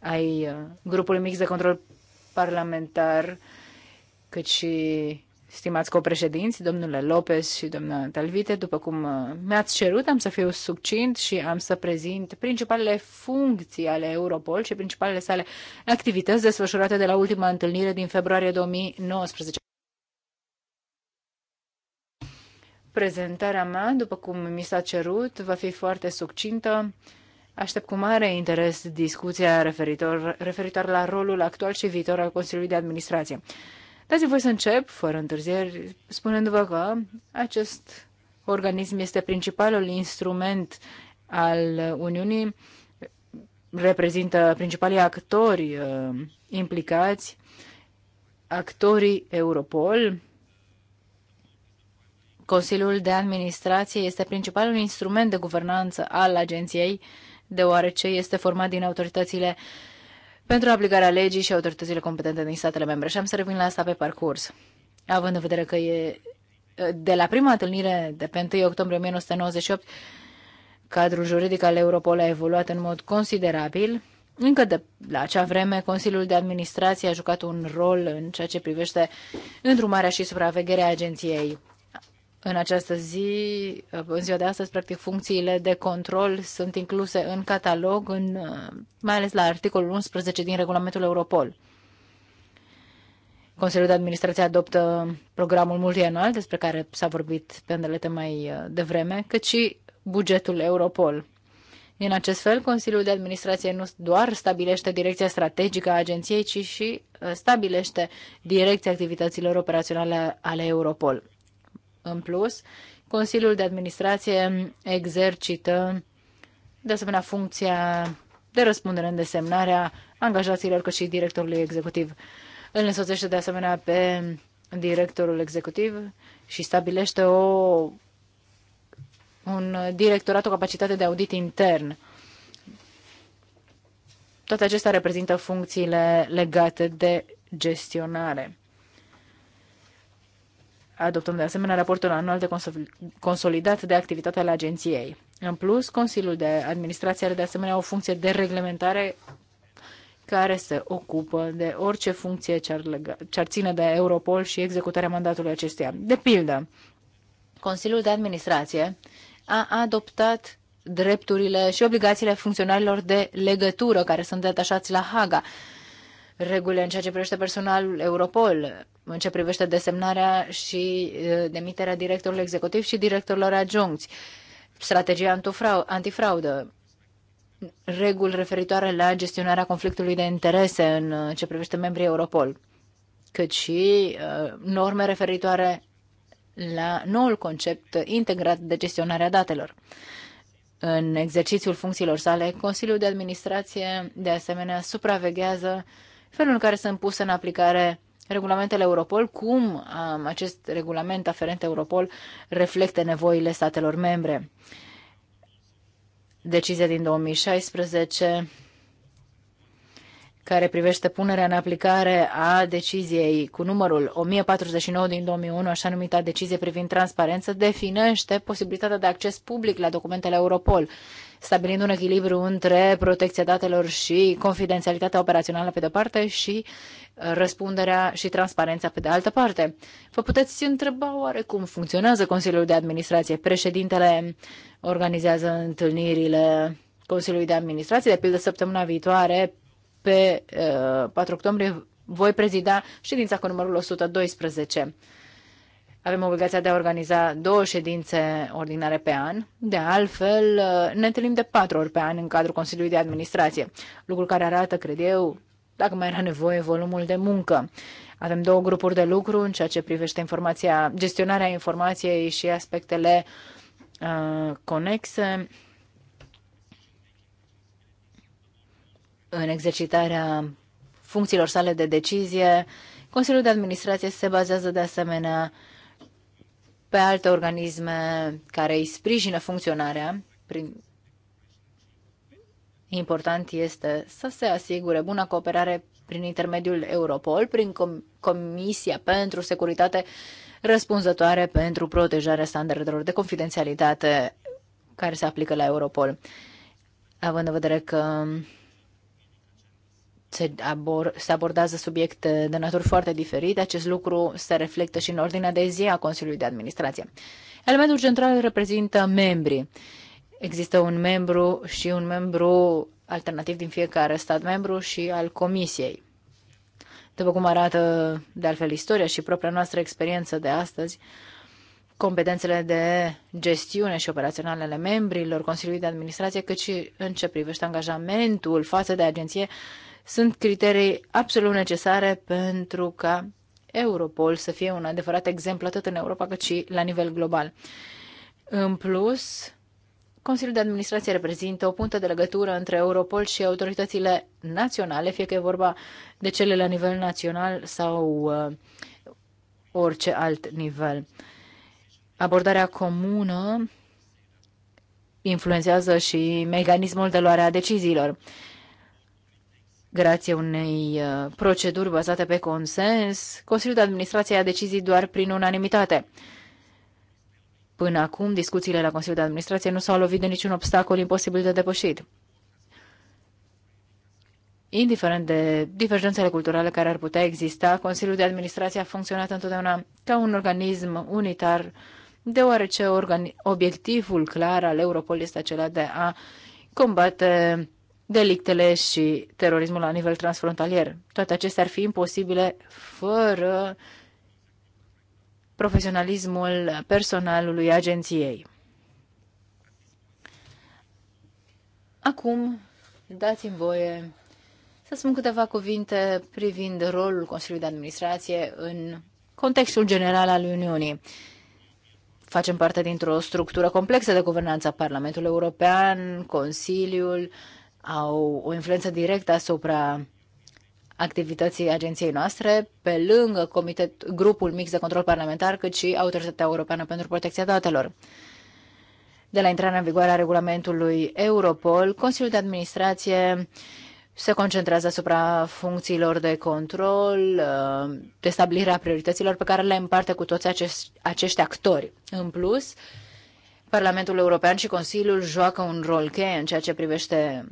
Speaker 1: ai uh, grupului mix de control parlamentar, cât și stimați copreședinți, domnule Lopez și domnule Talvite, după cum uh, mi-ați cerut, am să fiu succint și am să prezint principalele funcții ale Europol și principalele sale activități desfășurate de la ultima întâlnire din februarie 2019. Prezentarea mea, după cum mi s-a cerut, va fi foarte succintă. Aștept cu mare interes discuția referitor, referitor la rolul actual și viitor al Consiliului de Administrație dați voi să încep, fără întârzieri, spunându-vă că acest organism este principalul instrument al Uniunii, reprezintă principalii actori uh, implicați, actorii Europol. Consiliul de Administrație este principalul instrument de guvernanță al agenției, deoarece este format din autoritățile uh, pentru aplicarea legii și autoritățile competente din statele membre. Și am să revin la asta pe parcurs, având în vedere că e de la prima întâlnire de pe 1 octombrie 1998, cadrul juridic al Europol a evoluat în mod considerabil. Încă de la acea vreme, Consiliul de Administrație a jucat un rol în ceea ce privește îndrumarea și supravegherea agenției în această zi, în ziua de astăzi, practic, funcțiile de control sunt incluse în catalog, în, mai ales la articolul 11 din regulamentul Europol. Consiliul de Administrație adoptă programul multianual, despre care s-a vorbit pe îndelete mai uh, devreme, cât și bugetul Europol. În acest fel, Consiliul de Administrație nu doar stabilește direcția strategică a agenției, ci și uh, stabilește direcția activităților operaționale ale Europol. În plus, Consiliul de Administrație exercită de asemenea funcția de răspundere în desemnarea angajaților cât și directorului executiv. Îl însoțește de asemenea pe directorul executiv și stabilește o, un directorat, o capacitate de audit intern. Toate acestea reprezintă funcțiile legate de gestionare. Adoptăm de asemenea raportul anual de consolidat de activitate al agenției. În plus, Consiliul de Administrație are de asemenea o funcție de reglementare care se ocupă de orice funcție ce ar, lega, ce ar ține de Europol și executarea mandatului acesteia. De pildă, Consiliul de Administrație a adoptat drepturile și obligațiile funcționarilor de legătură care sunt detașați la Haga. Uh, regulile în ceea ce privește personalul Europol, în ce privește desemnarea și demiterea directorului executiv și directorilor adjuncți, strategia antifraudă, reguli referitoare la gestionarea conflictului de interese în ce privește membrii Europol, cât și norme referitoare la noul concept integrat de gestionare a datelor. În exercițiul funcțiilor sale, Consiliul de Administrație, de asemenea, supraveghează felul în care sunt puse în aplicare regulamentele Europol, cum um, acest regulament aferent Europol reflectă nevoile statelor membre. Decizia din 2016 care privește punerea în aplicare a deciziei cu numărul 1049 din 2001, așa numită decizie privind transparență, definește posibilitatea de acces public la documentele Europol stabilind un echilibru între protecția datelor și confidențialitatea operațională pe de-o parte și uh, răspunderea și transparența pe de altă parte. Vă puteți întreba oare cum funcționează Consiliul de Administrație? Președintele organizează întâlnirile Consiliului de Administrație, de pildă săptămâna viitoare, pe 4 uh, octombrie, voi prezida ședința cu numărul 112. Avem obligația de a organiza două ședințe ordinare pe an. De altfel, ne întâlnim de patru ori pe an în cadrul Consiliului de Administrație, lucru care arată, cred eu, dacă mai era nevoie, volumul de muncă. Avem două grupuri de lucru în ceea ce privește informația, gestionarea informației și aspectele uh, conexe. În exercitarea funcțiilor sale de decizie, Consiliul de Administrație se bazează de asemenea pe alte organisme care îi sprijină funcționarea. Prin... Important este să se asigure bună cooperare prin intermediul Europol, prin Com Comisia pentru Securitate răspunzătoare pentru protejarea standardelor de confidențialitate care se aplică la Europol. Având în vedere că se, abor, se abordează subiecte de natură foarte diferite. Acest lucru se reflectă și în ordinea de zi a Consiliului de Administrație. Elementul central reprezintă membrii. Există un membru și un membru alternativ din fiecare stat membru și al Comisiei. După cum arată de altfel istoria și propria noastră experiență de astăzi, competențele de gestiune și operaționale ale membrilor Consiliului de Administrație, cât și în ce privește angajamentul față de agenție, sunt criterii absolut necesare pentru ca Europol să fie un adevărat exemplu atât în Europa cât și la nivel global. În plus, Consiliul de Administrație reprezintă o punctă de legătură între Europol și autoritățile naționale, fie că e vorba de cele la nivel național sau uh, orice alt nivel. Abordarea comună influențează și mecanismul de luare a deciziilor. Grație unei uh, proceduri bazate pe consens, Consiliul de Administrație a decizii doar prin unanimitate. Până acum, discuțiile la Consiliul de Administrație nu s-au lovit de niciun obstacol imposibil de depășit. Indiferent de divergențele culturale care ar putea exista, Consiliul de Administrație a funcționat întotdeauna ca un organism unitar, deoarece obiectivul clar al Europol este acela de a combate delictele și terorismul la nivel transfrontalier. Toate acestea ar fi imposibile fără profesionalismul personalului agenției. Acum, dați-mi voie să spun câteva cuvinte privind rolul Consiliului de Administrație în contextul general al Uniunii. Facem parte dintr-o structură complexă de guvernanță a Parlamentului European, Consiliul, uh, au o influență directă asupra activității agenției noastre, pe lângă comitet, grupul mix de control parlamentar, cât și Autoritatea Europeană pentru Protecția Datelor. De la intrarea în vigoare a regulamentului Europol, Consiliul de Administrație se concentrează asupra funcțiilor de control, de stabilirea priorităților pe care le împarte cu toți acești, acești actori. În plus, Parlamentul European și Consiliul joacă un rol cheie în ceea ce privește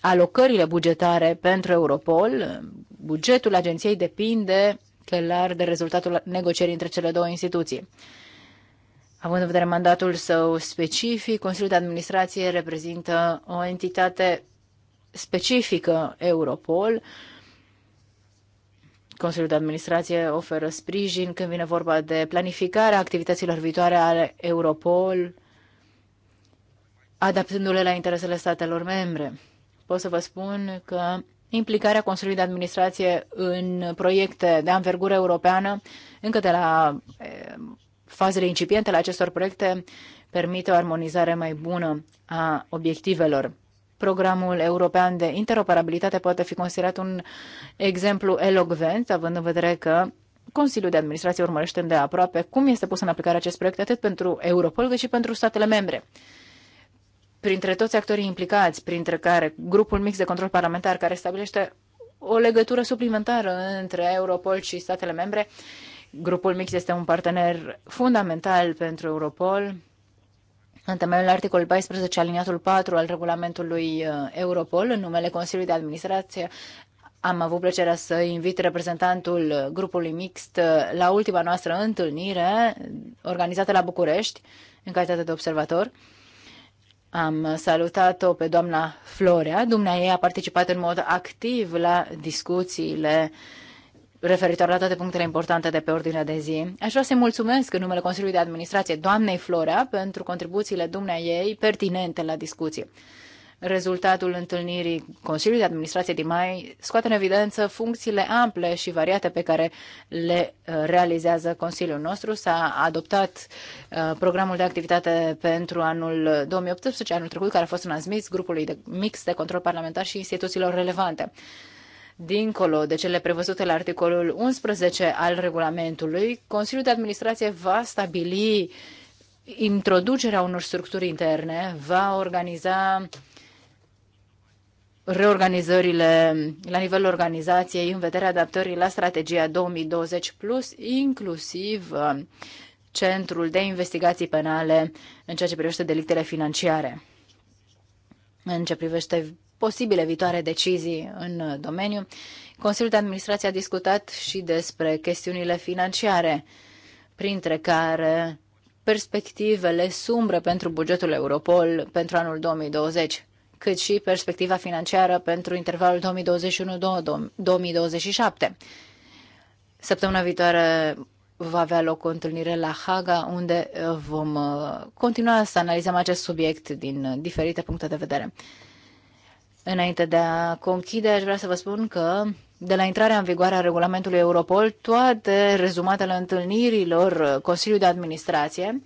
Speaker 1: alocările bugetare pentru Europol. Bugetul agenției depinde clar de rezultatul negocierii între cele două instituții. Având în vedere mandatul său specific, Consiliul de Administrație reprezintă o entitate specifică Europol. Consiliul de Administrație oferă sprijin când vine vorba de planificarea activităților viitoare ale Europol, adaptându-le la interesele statelor membre pot să vă spun că implicarea Consiliului de Administrație în proiecte de anvergură europeană, încă de la fazele incipiente la acestor proiecte, permite o armonizare mai bună a obiectivelor. Programul european de interoperabilitate poate fi considerat un exemplu elogvent, având în vedere că Consiliul de Administrație urmărește de aproape cum este pus în aplicare acest proiect atât pentru Europol cât și pentru statele membre printre toți actorii implicați, printre care grupul mix de control parlamentar care stabilește o legătură suplimentară între Europol și statele membre. Grupul mix este un partener fundamental pentru Europol. În temeiul articolului 14 aliniatul 4 al regulamentului uh, Europol, în numele Consiliului de Administrație, am avut plăcerea să invit reprezentantul grupului mixt uh, la ultima noastră întâlnire organizată la București, în calitate de observator. Am salutat-o pe doamna Florea. Dumnea ei a participat în mod activ la discuțiile referitor la toate punctele importante de pe ordinea de zi. Aș vrea să-i mulțumesc în numele Consiliului de Administrație doamnei Florea pentru contribuțiile dumnea ei pertinente la discuție. Rezultatul întâlnirii Consiliului de Administrație din mai scoate în evidență funcțiile ample și variate pe care le uh, realizează Consiliul nostru. S-a adoptat uh, programul de activitate pentru anul 2018, anul trecut, care a fost transmis grupului de mix de control parlamentar și instituțiilor relevante dincolo de cele prevăzute la articolul 11 al regulamentului, Consiliul de Administrație va stabili introducerea unor structuri interne, va organiza reorganizările la nivelul organizației în vederea adaptării la strategia 2020 plus, inclusiv uh, Centrul de Investigații Penale în ceea ce privește delictele financiare. În ce privește posibile viitoare decizii în uh, domeniu, Consiliul de Administrație a discutat și despre chestiunile financiare, printre care perspectivele sumbre pentru bugetul Europol pentru anul 2020 cât și perspectiva financiară pentru intervalul 2021-2027. Săptămâna viitoare va avea loc o întâlnire la Haga, unde uh, vom uh, continua să analizăm acest subiect din uh, diferite puncte de vedere. Înainte de a conchide, aș vrea să vă spun că de la intrarea în vigoare a regulamentului Europol, toate rezumatele întâlnirilor Consiliului de Administrație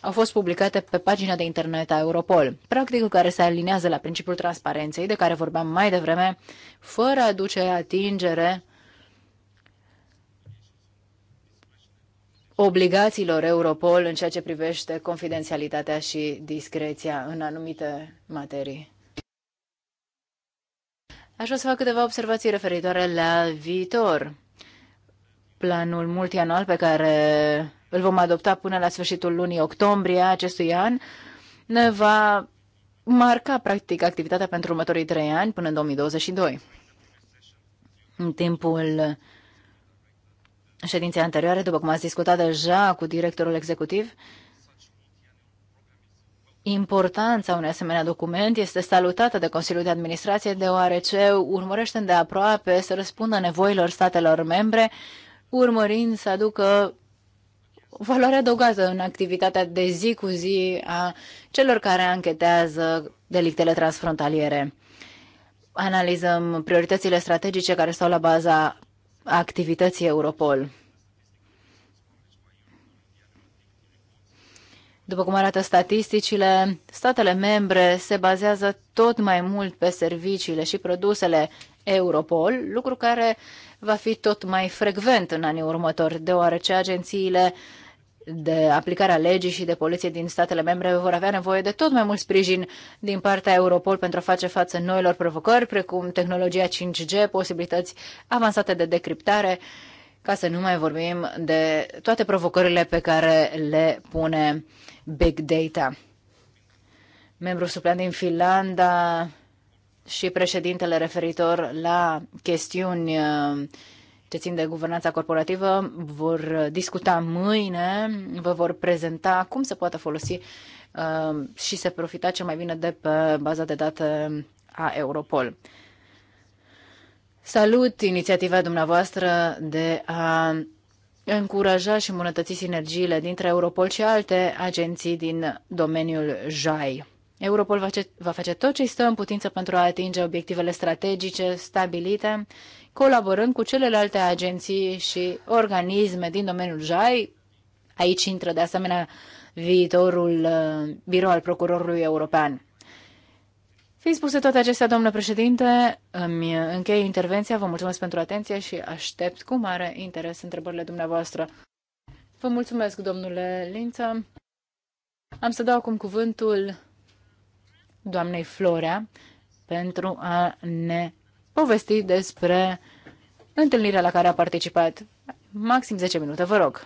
Speaker 1: au fost publicate pe pagina de internet a Europol, practicul care se alinează la principiul transparenței de care vorbeam mai devreme, fără a duce atingere obligațiilor Europol în ceea ce privește confidențialitatea și discreția în anumite materii. Aș vrea să fac câteva observații referitoare la viitor. Planul multianual pe care îl vom adopta până la sfârșitul lunii octombrie acestui an, ne va marca practic activitatea pentru următorii trei ani până în 2022. În timpul ședinței anterioare, după cum ați discutat deja cu directorul executiv, Importanța unui asemenea document este salutată de Consiliul de Administrație deoarece urmărește aproape, să răspundă nevoilor statelor membre, urmărind să aducă valoare adăugată în activitatea de zi cu zi a celor care anchetează delictele transfrontaliere. Analizăm prioritățile strategice care stau la baza activității Europol. După cum arată statisticile, statele membre se bazează tot mai mult pe serviciile și produsele Europol, lucru care va fi tot mai frecvent în anii următori, deoarece agențiile uh, de aplicare a legii și de poliție din statele membre vor avea nevoie de tot mai mult sprijin din partea Europol pentru a face față noilor provocări, precum tehnologia 5G, posibilități avansate de decriptare, ca să nu mai vorbim de toate provocările pe care le pune Big Data. Membru suplean din Finlanda și președintele referitor la chestiuni uh, ce țin de guvernanța corporativă vor discuta mâine, vă vor prezenta cum se poate folosi uh, și se profita cel mai bine de pe baza de date a Europol. Salut inițiativa dumneavoastră de a încuraja și îmbunătăți sinergiile dintre Europol și alte agenții din domeniul JAI. Europol va face, va face tot ce stă în putință pentru a atinge obiectivele strategice stabilite colaborând cu celelalte agenții și organisme din domeniul JAI. Aici intră de asemenea viitorul uh, birou al procurorului european. Fiind spuse toate acestea, domnule președinte, îmi închei intervenția, vă mulțumesc pentru atenție și aștept cu mare interes întrebările dumneavoastră. Vă mulțumesc, domnule Lință. Am să dau acum cuvântul doamnei Florea pentru a ne povesti despre întâlnirea la care a participat. Maxim 10 minute, vă rog.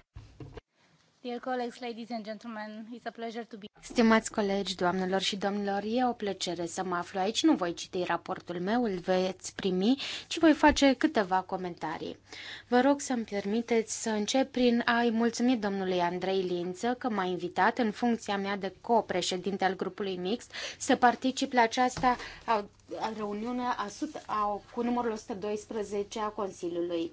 Speaker 1: Stimați
Speaker 2: colegi, doamnelor și domnilor, e o plăcere să mă aflu aici. Nu voi citi raportul meu, îl veți primi, ci voi face câteva comentarii. Vă rog să-mi permiteți să încep prin a-i mulțumi domnului Andrei Lință că m-a invitat în funcția mea de co-președinte al grupului mixt să particip la aceasta a, a reuniune a, a, cu numărul 112 a Consiliului.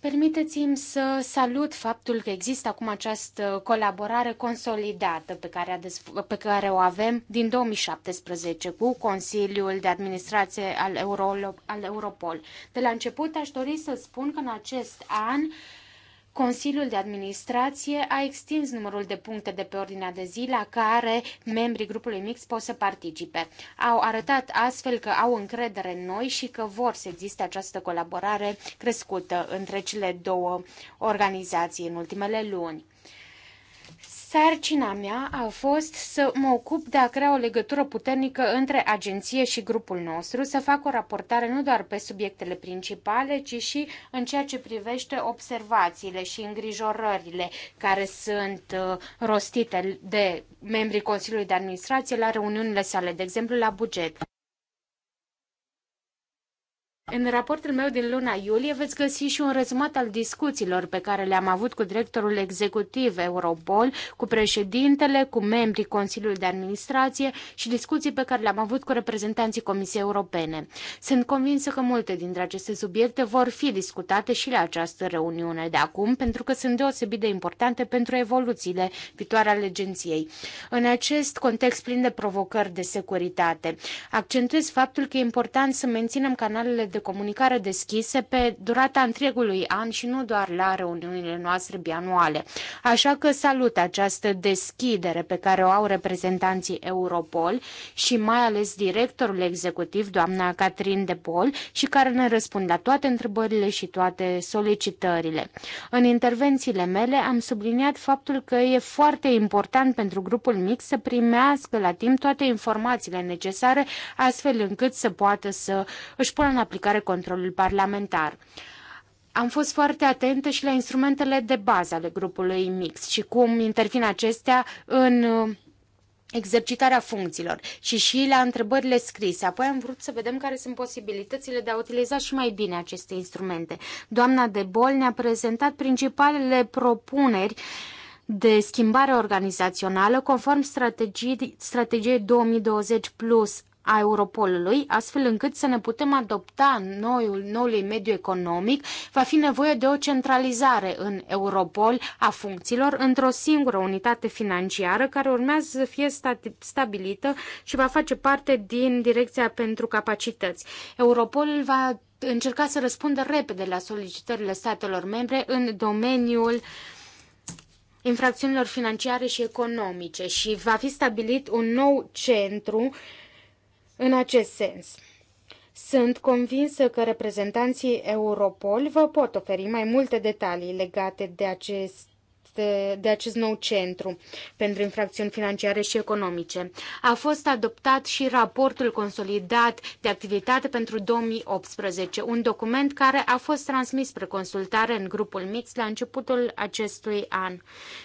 Speaker 2: Permiteți-mi să salut faptul că există acum această colaborare consolidată pe care, a pe care o avem din 2017 cu Consiliul de Administrație al, Euro al Europol. De la început aș dori să spun că în acest an Consiliul de Administrație a extins numărul de puncte de pe ordinea de zi la care membrii grupului mix pot să participe. Au arătat astfel că au încredere în noi și că vor să existe această colaborare crescută între cele două organizații în ultimele luni. Sarcina mea a fost să mă ocup de a crea o legătură puternică între agenție și grupul nostru, să fac o raportare nu doar pe subiectele principale, ci și în ceea ce privește observațiile și îngrijorările care sunt uh, rostite de membrii Consiliului de Administrație la reuniunile sale, de exemplu la buget. În raportul meu din luna iulie veți găsi și un rezumat al discuțiilor pe care le-am avut cu directorul executiv Europol, cu președintele, cu membrii Consiliului de Administrație și discuții pe care le-am avut cu reprezentanții Comisiei Europene. Sunt convinsă că multe dintre aceste subiecte vor fi discutate și la această reuniune de acum, pentru că sunt deosebit de importante pentru evoluțiile viitoare ale agenției. În acest context plin de provocări de securitate, accentuez faptul că e important să menținem canalele de comunicare deschise pe durata întregului an și nu doar la reuniunile noastre bianuale. Așa că salut această deschidere pe care o au reprezentanții Europol și mai ales directorul executiv, doamna Catherine de Pol, și care ne răspund la toate întrebările și toate solicitările. În intervențiile mele am subliniat faptul că e foarte important pentru grupul mic să primească la timp toate informațiile necesare, astfel încât să poată să își pună în aplicare aplicare controlul parlamentar. Am fost foarte atentă și la instrumentele de bază ale grupului mix și cum intervin acestea în uh, exercitarea funcțiilor și și la întrebările scrise. Apoi am vrut să vedem care sunt posibilitățile de a utiliza și mai bine aceste instrumente. Doamna de Bol ne-a prezentat principalele propuneri de schimbare organizațională conform strategiei 2020 plus a Europolului, astfel încât să ne putem adopta noiul, noului mediu economic, va fi nevoie de o centralizare în Europol a funcțiilor într-o singură unitate financiară care urmează să fie stabilită și va face parte din Direcția pentru Capacități. Europolul va încerca să răspundă repede la solicitările statelor membre în domeniul infracțiunilor financiare și economice și va fi stabilit un nou centru în acest sens. Sunt convinsă că reprezentanții Europol vă pot oferi mai multe detalii legate de acest aceste, de acest nou centru pentru infracțiuni financiare și economice. A fost adoptat și raportul consolidat de activitate pentru 2018, un document care a fost transmis spre consultare în grupul mix la începutul acestui an.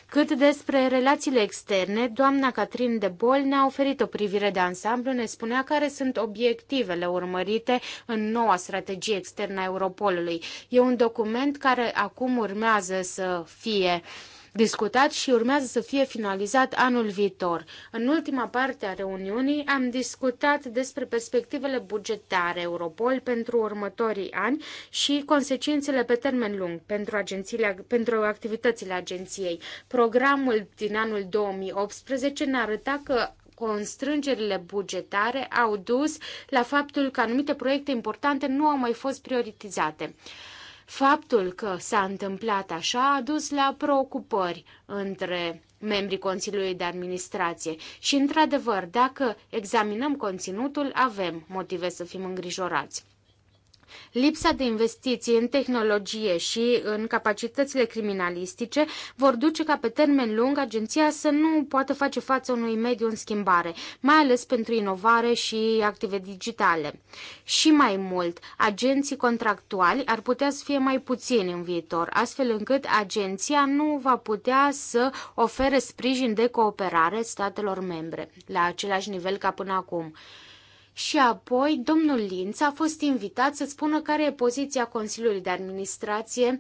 Speaker 2: Cât despre relațiile externe, doamna Catrin de Bol ne-a oferit o privire de ansamblu, ne spunea care sunt obiectivele urmărite în noua strategie externă a Europolului. E un document care acum urmează să fie uh, discutat și urmează să fie finalizat anul viitor. În ultima parte a reuniunii am discutat despre perspectivele bugetare Europol pentru următorii ani și consecințele pe termen lung pentru, agențiile, pentru activitățile agenției. Programul din anul 2018 ne arăta că constrângerile bugetare au dus la faptul că anumite proiecte importante nu au mai fost prioritizate. Faptul că s-a întâmplat așa a dus la preocupări între membrii Consiliului de Administrație și, într-adevăr, dacă examinăm conținutul, avem motive să fim îngrijorați. Lipsa de investiții în tehnologie și în capacitățile criminalistice vor duce ca pe termen lung agenția să nu poată face față unui mediu în schimbare, mai ales pentru inovare și active digitale. Și mai mult, agenții contractuali ar putea să fie mai puțini în viitor, astfel încât agenția nu va putea să ofere sprijin de cooperare statelor membre, la același nivel ca până acum. Și apoi, domnul Linț a fost invitat să spună care e poziția Consiliului de Administrație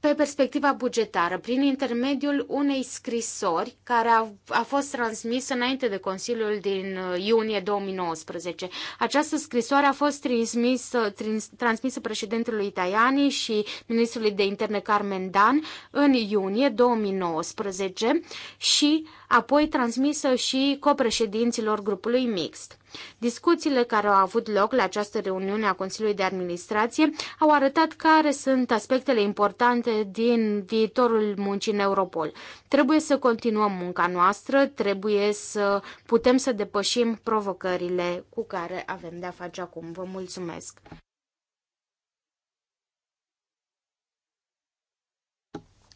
Speaker 2: pe perspectiva bugetară, prin intermediul unei scrisori care a, a fost transmisă înainte de Consiliul din uh, iunie 2019. Această scrisoare a fost transmisă, trans, transmisă președintelui Tajani și ministrului de interne Carmen Dan în iunie 2019 și apoi transmisă și copreședinților grupului mixt. Discuțiile care au avut loc la această reuniune a Consiliului de Administrație au arătat care sunt aspectele importante din viitorul muncii în Europol. Trebuie să continuăm munca noastră, trebuie să putem să depășim provocările cu care avem de-a face acum. Vă mulțumesc!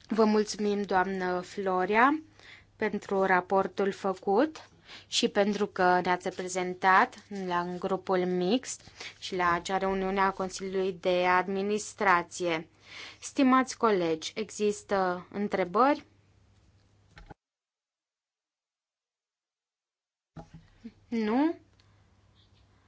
Speaker 2: Vă mulțumim, doamnă Floria pentru raportul făcut și pentru că ne-ați prezentat la un grupul mixt și la acea reuniune a Consiliului de Administrație. Stimați colegi, există întrebări? Nu?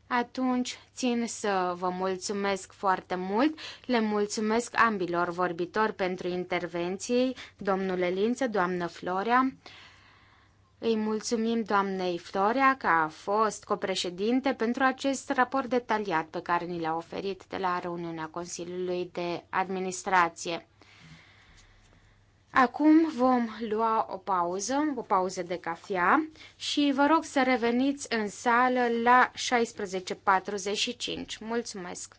Speaker 2: Atunci țin să vă mulțumesc foarte mult, le mulțumesc ambilor vorbitori pentru intervenții, domnule Lință, doamnă Florea. Îi mulțumim doamnei Florea că a fost copreședinte pentru acest raport detaliat pe care ni l-a oferit de la reuniunea Consiliului de Administrație. Acum vom lua o pauză, o pauză de cafea și vă rog să reveniți în sală la 16.45. Mulțumesc!